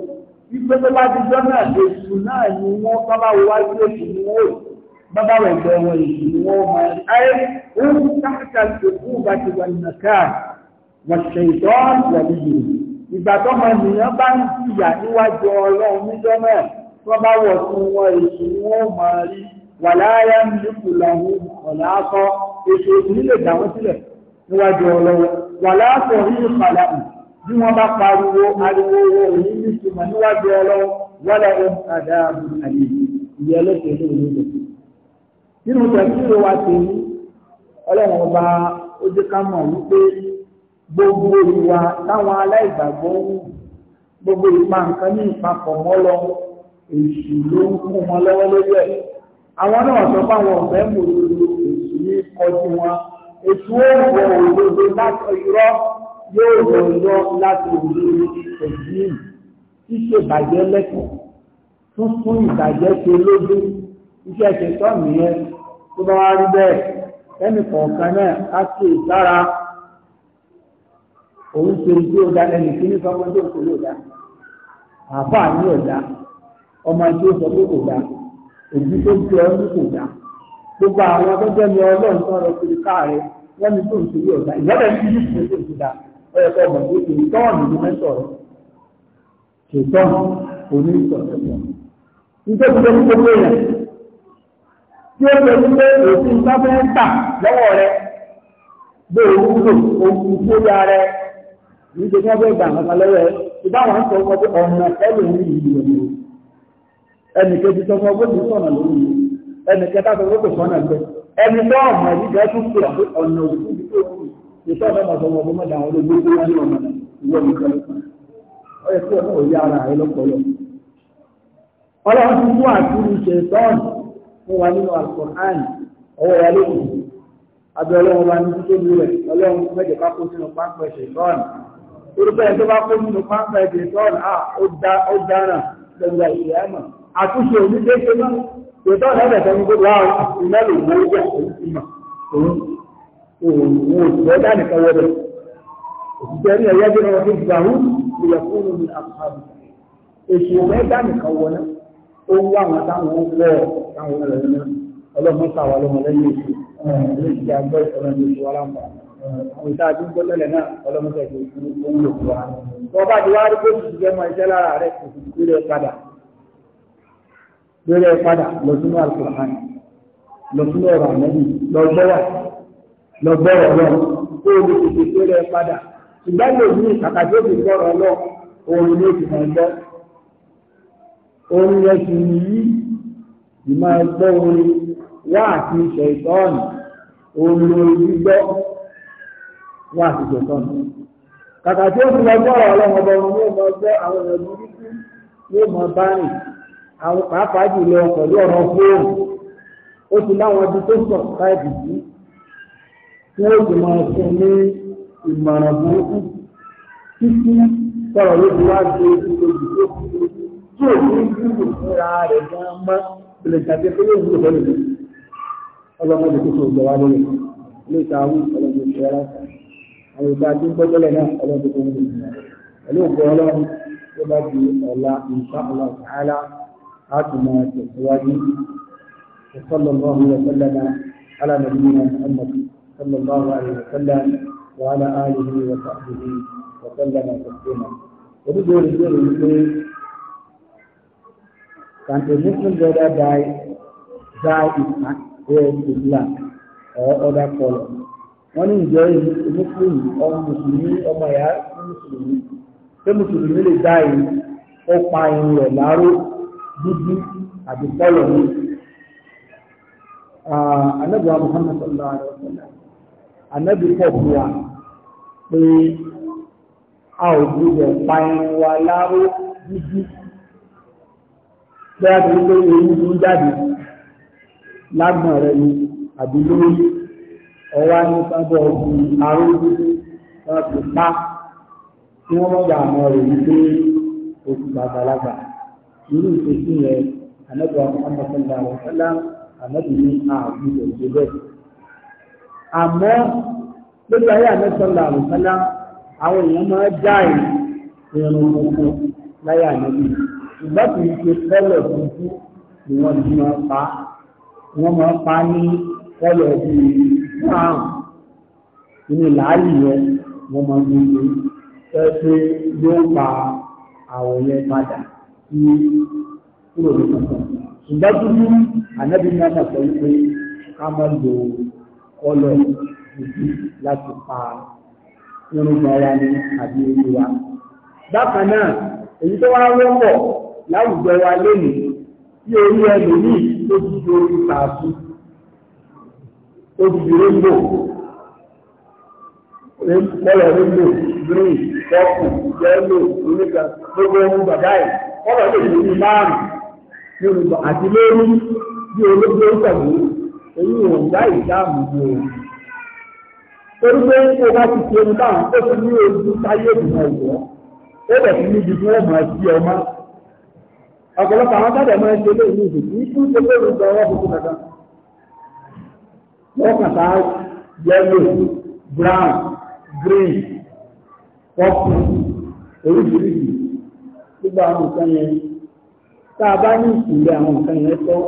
ìgbé tó bá ti jọ́ náà èṣù náà ni wọ́n bábá wọ wájú èṣù ni wọ́n bábá wọ ẹ̀gbẹ́ wọn èṣù wọ́n máa ń ayé òun káàkà ìṣòkú bá ti wà nàkà wàláyà ń dínkù làwọn ọ̀làkọ èso ìnílẹ̀ dáwọn sílẹ̀ níwájú ọlọ́wọ́ wàláàkọ̀ yìí padà nù bí wọ́n bá pariwo ariwo owó òní ní ìtumọ̀ níwájú ọlọ́wọ́ wọ́lẹ̀ ohun àdáàbò àyè ìyẹn lókè lóòrùn lọ. nínú tẹ̀síwò wa ti ní ọlọ́run ọba ó jẹ́ ká mọ̀ wípé gbogbo ìwà táwọn aláìgbàgbọ́ gbogbo ìpa nǹkan ní ìpapọ̀ mọ́ lọ àwọn náà sọ pé àwọn ọ̀fẹ́ mò ń lo èsì ní ọdún wọn èsì ó wọ òdodo láti irọ́ yóò wọ irọ́ láti òdodo ẹ̀sìn yìí ṣíṣe ìbàjẹ́ lẹ́kọ̀ọ́ tuntun ìbàjẹ́ ṣe lójú iṣẹ́ ìṣẹ̀tọ́ nìyẹn tó bá wá rí bẹ́ẹ̀ ẹnì kọ̀ọ̀kan náà á ṣe ìdára òun ṣe ìdí ọ̀dà ẹnì kíní sọmọdé òkèlè ọ̀dà àbá ní ọ̀dà ọmọ ẹgbẹ́ sọ pé kò èyí tó jẹ ọ́ ní kò dá gbogbo àwọn akẹ́kọ̀ọ́ ni ọlọ́run tó rọ kiri káàrẹ wọ́n ní tó ń torí ọ̀dà ìwọ́dà ní ìlú ìlú ìlú ìlú dá ọ yẹ ọmọ tó ṣe tọ́ọ̀nù ní mẹ́tọ̀ rẹ ṣe tọ́ọ̀nù òní ìsọ̀rọ̀ ẹ̀fọ́ nítorí pé gbogbo èèyàn tí ó lè ní òfin bá fẹ́ tà lọ́wọ́ rẹ bó o wúlò ohun tó yá rẹ nítorí wọ́n fẹ́ gbà kankan ẹnìkejì tó fọ gbogbo sọ̀nà lórí ẹnìkẹta tó gbogbo sọ̀nà gbẹ ẹni tó ọmọ ẹni jẹ́ tún pè ọ̀nà òkú tó kù ìtọ́ ọ̀nà ọmọ ọmọ ọmọ dàwọn olóògbé wọn ní ọmọ ìwọ nìkan ó yẹ kí ọmọ òye ara rẹ lọ́pọ̀lọ́ ọlọ́run ti mú àtúrú ṣe tọ́ọ̀n fún wa nínú alkọ̀hán ọwọ́ wa lókù abẹ́ ọlọ́run wa ní títóbi rẹ̀ ọlọ́run mẹ́jọ ká kó sínú pápẹ́ ẹ̀ àtúnṣe onígbéṣe náà yóò lẹ́bẹ̀ tó ń gbogbo àwọn ìlẹ́lò lórí ẹ̀ ìmọ̀ òun òun òṣìṣẹ́ dání kan wọ́dọ̀ òṣìṣẹ́ ní ẹ̀yẹ́ bí wọ́n fi gbà hún ìyẹ̀ fún mi àpàbù èṣù ọmọ ẹ̀ dání kan wọ́n náà ó ń wá àwọn táwọn ń wọ́ táwọn ọ̀rẹ́ náà ọlọ́mọ sàwà lọ́mọ lẹ́yìn èṣù lóṣìṣẹ́ àgbọ̀ ìṣọ̀rọ̀ ní oṣù aláǹfà àwọn ìta àti gbọ́lẹ̀lẹ̀ náà ọlọ́mọ sẹ̀kẹ̀ òun lò fún wa. tọ́ lórí ẹ padà lọ sínú alukur'an lọ sínú ọ̀rọ̀ àmọ́bí lọ gbọ́wà lọ gbọ́rọ̀ lọ kó o lè tètè lórí ẹ padà ṣùgbọ́n lè ní àkàtì òkè gbọ́rọ̀ lọ òun ni ó ti máa gbọ́ orin yẹn ti yí ìmọ̀ ẹgbẹ́ orin wá àti ìṣẹ̀ ìtọ́ọ̀nù orin orin gbọ́ wá àti lọ gbọ́rọ̀ ọlọ́mọbọ ni ó mọ gbọ́ àwọn ẹ̀rọ burúkú ni ó mọ àwọn pàápàá jùlọ pẹ̀lú ọ̀rọ̀ fóònù ó ti láwọn ibi tó sọ̀ káàdì yìí tí wọ́n ti máa fún ní ìmọ̀ràn burúkú títí sọ̀rọ̀ ló ti wá ṣe ìṣèjì tó kú tí ò ní dúró fúnra rẹ̀ gan mọ́ ìpìlẹ̀ ìtàgé tó lè wúlò lẹ́nu ọlọ́mọdé tó sọ ìjọba lórí ilé ìtàwí ọlọ́mọdé ìṣẹ́ra àwọn ìgbà tí ń gbọ́jọ́lẹ̀ náà ọlọ́mọdé tó ń gbọ́jọ́lẹ̀ pẹ̀lú ògbọ́ ọlọ́run tó bá di ọ̀la ìṣá ọlọ́run àtúmọ̀ tẹ̀síwájú sallallahu wa sallam ala nabiyina muhammad sallallahu alayhi wa sallam wa ala alihi wa sahbihi wa sallam taslima onígbò rẹ̀ bẹ̀rẹ̀ wípé can a muslim brother die die if wear wọ́n ní ìjọ muslim ọmọ mùsùlùmí ọmọ ìyá mùsùlùmí pé mùsùlùmí lè die ó pa irun rẹ̀ láró dúdú àti tọ́lọ̀ ní anábìá Muhammad sallallahu alaihi wa sallam anábì pọ̀ fún wa pé a ò gbúdọ̀ pa irun wa láró dúdú bí a ti pé ewu tó ń jáde lágbọ̀n rẹ ni àbí ọwá ní sábọ̀ ọ̀gbìn aró dúdú wọn pa kí wọ́n gbà mọ́ rẹ̀ wípé oṣù bàbàlagbà irú ìṣesí yẹn ànábì Muhammad sallallahu alaihi wasallam ànábì ní ààbò òjò bẹ́ẹ̀. àmọ́ lórí ayé ànábì sallallahu alaihi wasallam àwọn èèyàn máa já ìrìn gbogbo láyé ànábì ìgbà tó ń ṣe fẹ́lẹ̀ tuntun ni wọ́n ti máa pa wọ́n máa pa ní fẹ́lẹ̀ bíi fáàm inú làálì yẹn wọ́n máa gbogbo e. ẹ pé yóò pa àwọn yẹn padà sí kúrò ní kankan ṣùgbọ́n tó ní ànábì náà mà sọ wípé ká má lo kọlọ ojú láti pa irúgbà wa ní àbí orí wa bákan náà èyí tó wá wọ́pọ̀ láwùjọ wa lónìí tí orí ẹlòmíì tó ti di orí kàásù tó ti di régbò green kọkù yẹlò onígbà gbogbo ohun bàbá yìí ọ̀rọ̀ lè lè ní márùn àti lórí bí olóògbé ń tẹ̀lé èyí ò ń dá ìdáàmú bí o. torí pé ó bá ti fi ẹnu báwọn ó ti ní ojú táyé ìdùnnà ìwọ́ ó bẹ̀ sí níbi tí wọ́n mọ̀ ẹ́ sí ọmọ. ọ̀pọ̀lọpọ̀ àwọn sábẹ̀ máa ń ṣe lé ìlú ìdìbò ní kí ó lè gbọ́ ọwọ́ tuntun kankan. wọ́n kàn sá yellow brown green purple oríṣiríṣi gbogbo àwọn nǹkan yẹn tá a bá ní ìpìlẹ̀ àwọn nǹkan yẹn tọ́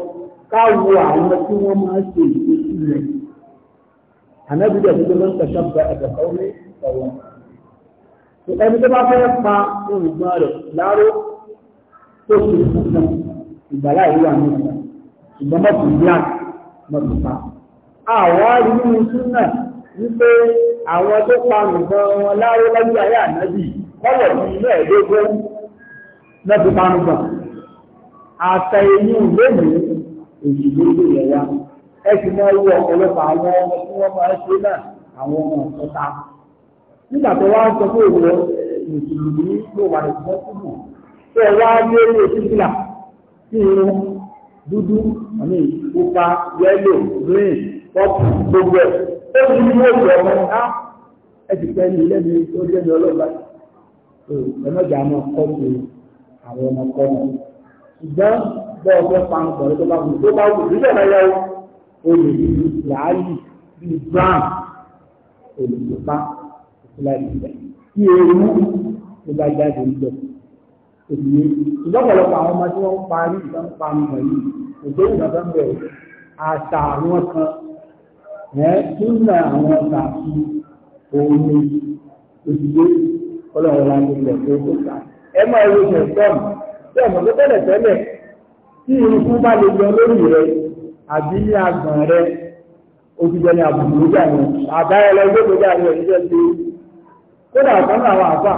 ká wo àwọn tí wọ́n máa ṣe ìgbésí rẹ̀ ànábìdẹ̀ tó ló ń tẹ̀sán gba ẹ̀dọ̀kọ́ ní ọ̀wọ́ ẹni tó bá fẹ́ pa olùgbọ́n rẹ̀ láró tó ṣe fúnkan ìgbàlá ìlú àmì ìgbà ṣùgbọ́n mọ́tò black mọ́tò pa àwọn arìnrìn súnà wípé àwọn tó pa olùgbọ́n wọn láró lọ́jọ́ ayé ànábì kọ́lọ̀ ní ilé ẹ̀ẹ́dógún lẹ́tù pánúgbà àtà inú lónìí èyí lórí ẹ̀yà ẹ sì máa wú ọ̀pọ̀lọpọ̀ àwọn ọmọ tí wọ́n máa ṣe náà àwọn ọmọ ọ̀tọ́ta nígbà tó wá ń sọ pé ìwọ mùsùlùmí ló wà lẹ́sùn kúrò tó ẹ wá ní orí òṣìṣìlà sí irun dúdú àmì pupa yẹ́lò green pọ́pù gbogbo ẹ̀ ó ní ìwé ìwé ọmọ ká ah! ẹ sì fẹ́ ní ilé mi tó lẹ́nu ọlọ́ọ̀bá ẹ̀mọ́jà náà àwọn ọmọkọ́mọ ṣùgbọ́n bẹ́ẹ̀ fẹ́ pankọ̀rẹ́ tó bá wù tó bá wù nígbà láyá o lè ní làálì bíi brown olùdókà ìfúláì ìgbà tí ewu tó bá jáde níbẹ̀ òbí ìlọ́pọ̀lọpọ̀ àwọn ọmọ tí wọ́n ń parí ìtàn pamọ́ yìí òjò ìgbà tó ń bẹ̀rẹ̀ àṣà àwọn kan ẹ̀ tún náà àwọn ọ̀tà fi òun ní òṣìṣẹ́ ọlọ́run láti ilẹ̀ tó tó ẹ máa wo ṣẹ̀ǹtọ́ọ̀mù tí ọmọ tó tẹ́lẹ̀ tẹ́lẹ̀ tí irúkú bá lè yọ lórí rẹ àbí ní agbọ̀n rẹ òjijì ni àbùkù ló dànù àbá ẹ lọ́jọ́ tó dànù ẹ̀jẹ̀ tó kódà ọ̀kan náà wà fà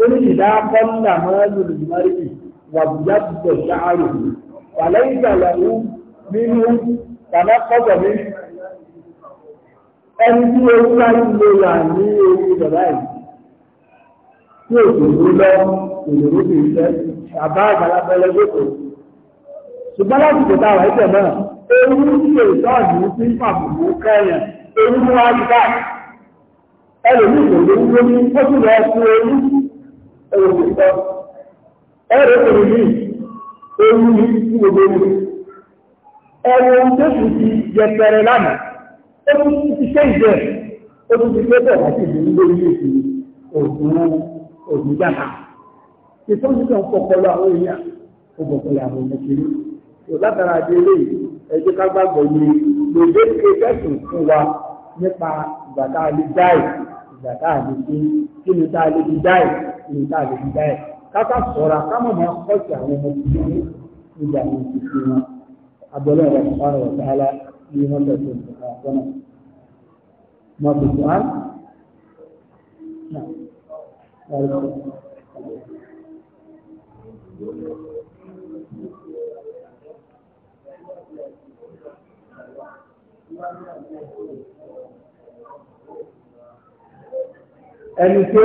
ó ní ìdá kọ́ńdà mọ́ra lórí ìmárìkì wà bùjá bùjọ sáárò wàlẹ́ ìgbàlàwó nínú tàbá kọ́bọ̀ mi ẹni tí ó ń lo wà ní orí bàbá yìí tí òṣèlú lọ́wọ́ òṣèlú ti fẹ́ àbá àgbàlagbà ẹlẹ́gbẹ̀kọ̀. ṣùgbọ́n láti kò tàwà ẹ̀jẹ̀ náà ewu tí èso àdìmú sí pàbùkù kẹyàn ewu tó wá rí báyìí ẹlòmíì kò lówó lórí ó sì lọ sí ewu ewu tó tọ́ ẹrẹ òun ní ewu ní tí gbogbo ewu ẹwọ tó sì ti yẹpẹrẹ lánàá ó tún ti ṣe ìjẹ ó tún ti gbé bọ̀ láti ìdílé lórí èsì òkú òògùn gbàgbà ìtọ́jú kan kọ̀kọ́lọ àwọn èèyàn ó kọ̀kọ́lọ àwọn ọmọ kiri tó látara délé ẹjọ́ ká gbàgbọ́ ní lòdì kẹsàn-án fún wa nípa ìgbà tá a lè dáì ìgbà tá a lè fi kí ni tá a lè fi dáì ẹni tí ó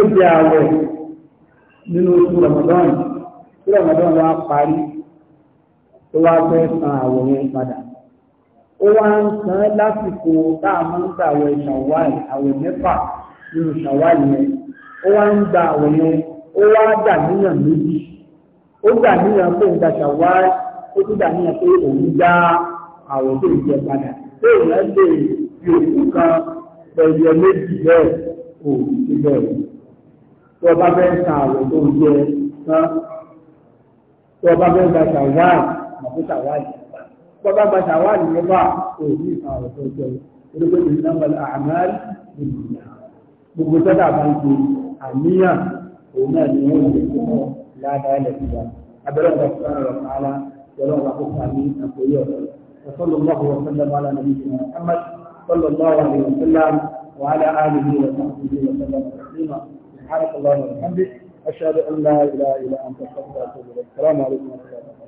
jẹ àwẹ̀ nínú oṣù Ramadan tí Ramadan wá parí tó wá fẹ́ san àwẹ̀ yẹn padà ó wá ń san lásìkò tá a máa ń gbàwẹ̀ ṣàwáì àwẹ̀ mẹ́fà nínú ṣàwáì yẹn ó wá ń gba àwọn yẹn ó wá dà níyàn méjì ó dà níyàn pé ń daṣà wá ó tún dà níyàn pé òun dá àwọn tó ń jẹ padà pé èèyàn lè fi òkú kan pẹ̀lú ẹ méjì bẹ́ẹ̀ kò sí bẹ́ẹ̀ tí ọba fẹ́ ń ta àwọn tó ń jẹ tán tí ọba fẹ́ daṣà wá àbúṣà wá yìí bọ́bá gba ṣàwárì ló bá òní àwọn tó jẹ́ orílẹ̀-èdè nàmbà àmàlì ìgbìyànjú gbogbo tọ́lá bá ń gbé àníyàn òun náà ni wọ́n lè fún ọ ládàá ilẹ̀ fún wa abẹ́rẹ́ ọ̀gá fún ara rẹ̀ fàálà yọ̀rọ̀ wà fún àmì àkóyọ̀ وصلى الله وسلم على نبينا محمد صلى الله عليه وسلم وعلى اله وصحبه وسلم تسليما سبحانك اللهم وبحمدك اشهد ان لا اله الا انت استغفرك واتوب اليك السلام عليكم ورحمه الله